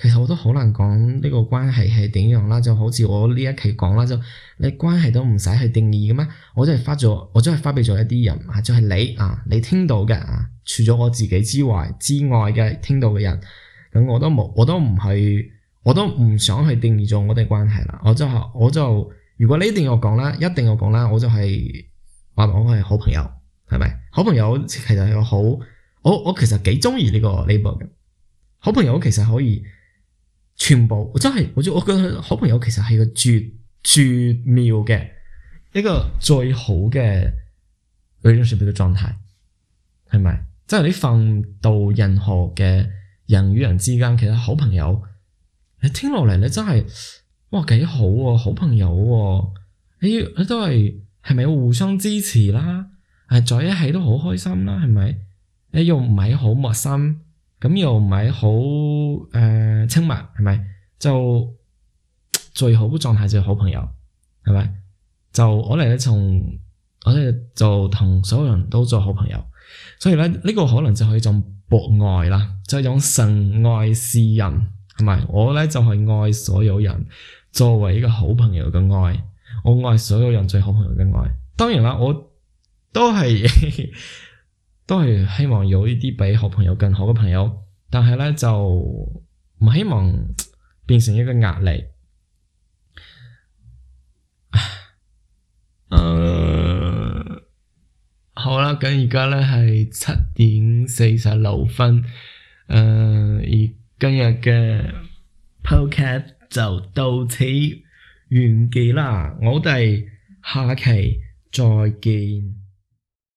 其實我都好難講呢個關係係點樣啦，就好似我呢一期講啦，就你關係都唔使去定義嘅咩？我即係發咗，我即係發俾咗一啲人，就係你啊，你聽到嘅啊，除咗我自己之外之外嘅聽到嘅人，咁我都冇，我都唔去，我都唔想去定義咗我哋關係啦。我就係，我就如果你一定要講啦，一定要講啦，我就係話我係好朋友，係咪？好朋友其實係個好，我我其實幾中意呢個 label 嘅。好朋友其實可以。全部我真係，我覺得好朋友其實係個絕絕妙嘅一個最好嘅一種 relationship 嘅狀態，係咪？即係你放到任何嘅人與人之間，其實好朋友，你聽落嚟你真係，哇幾好喎，好朋友喎，你要，你都係係咪互相支持啦？係在一起都好開心啦，係咪？你又唔係好陌生。咁又唔係好誒親密係咪？就最好嘅狀態就好朋友係咪？就我哋咧從我哋就同所有人都做好朋友，所以咧呢個可能就係一種博愛啦，就係一種神愛世人係咪？我咧就係愛所有人，作為一個好朋友嘅愛，我愛所有人最好朋友嘅愛。當然啦，我都係。 都係希望有呢啲比好朋友更好嘅朋友，但係咧就唔希望變成一個壓力。誒、呃，好啦，咁而家咧係七點四十六分，誒、呃，而今日嘅 podcast 就到此完結啦，我哋下期再見。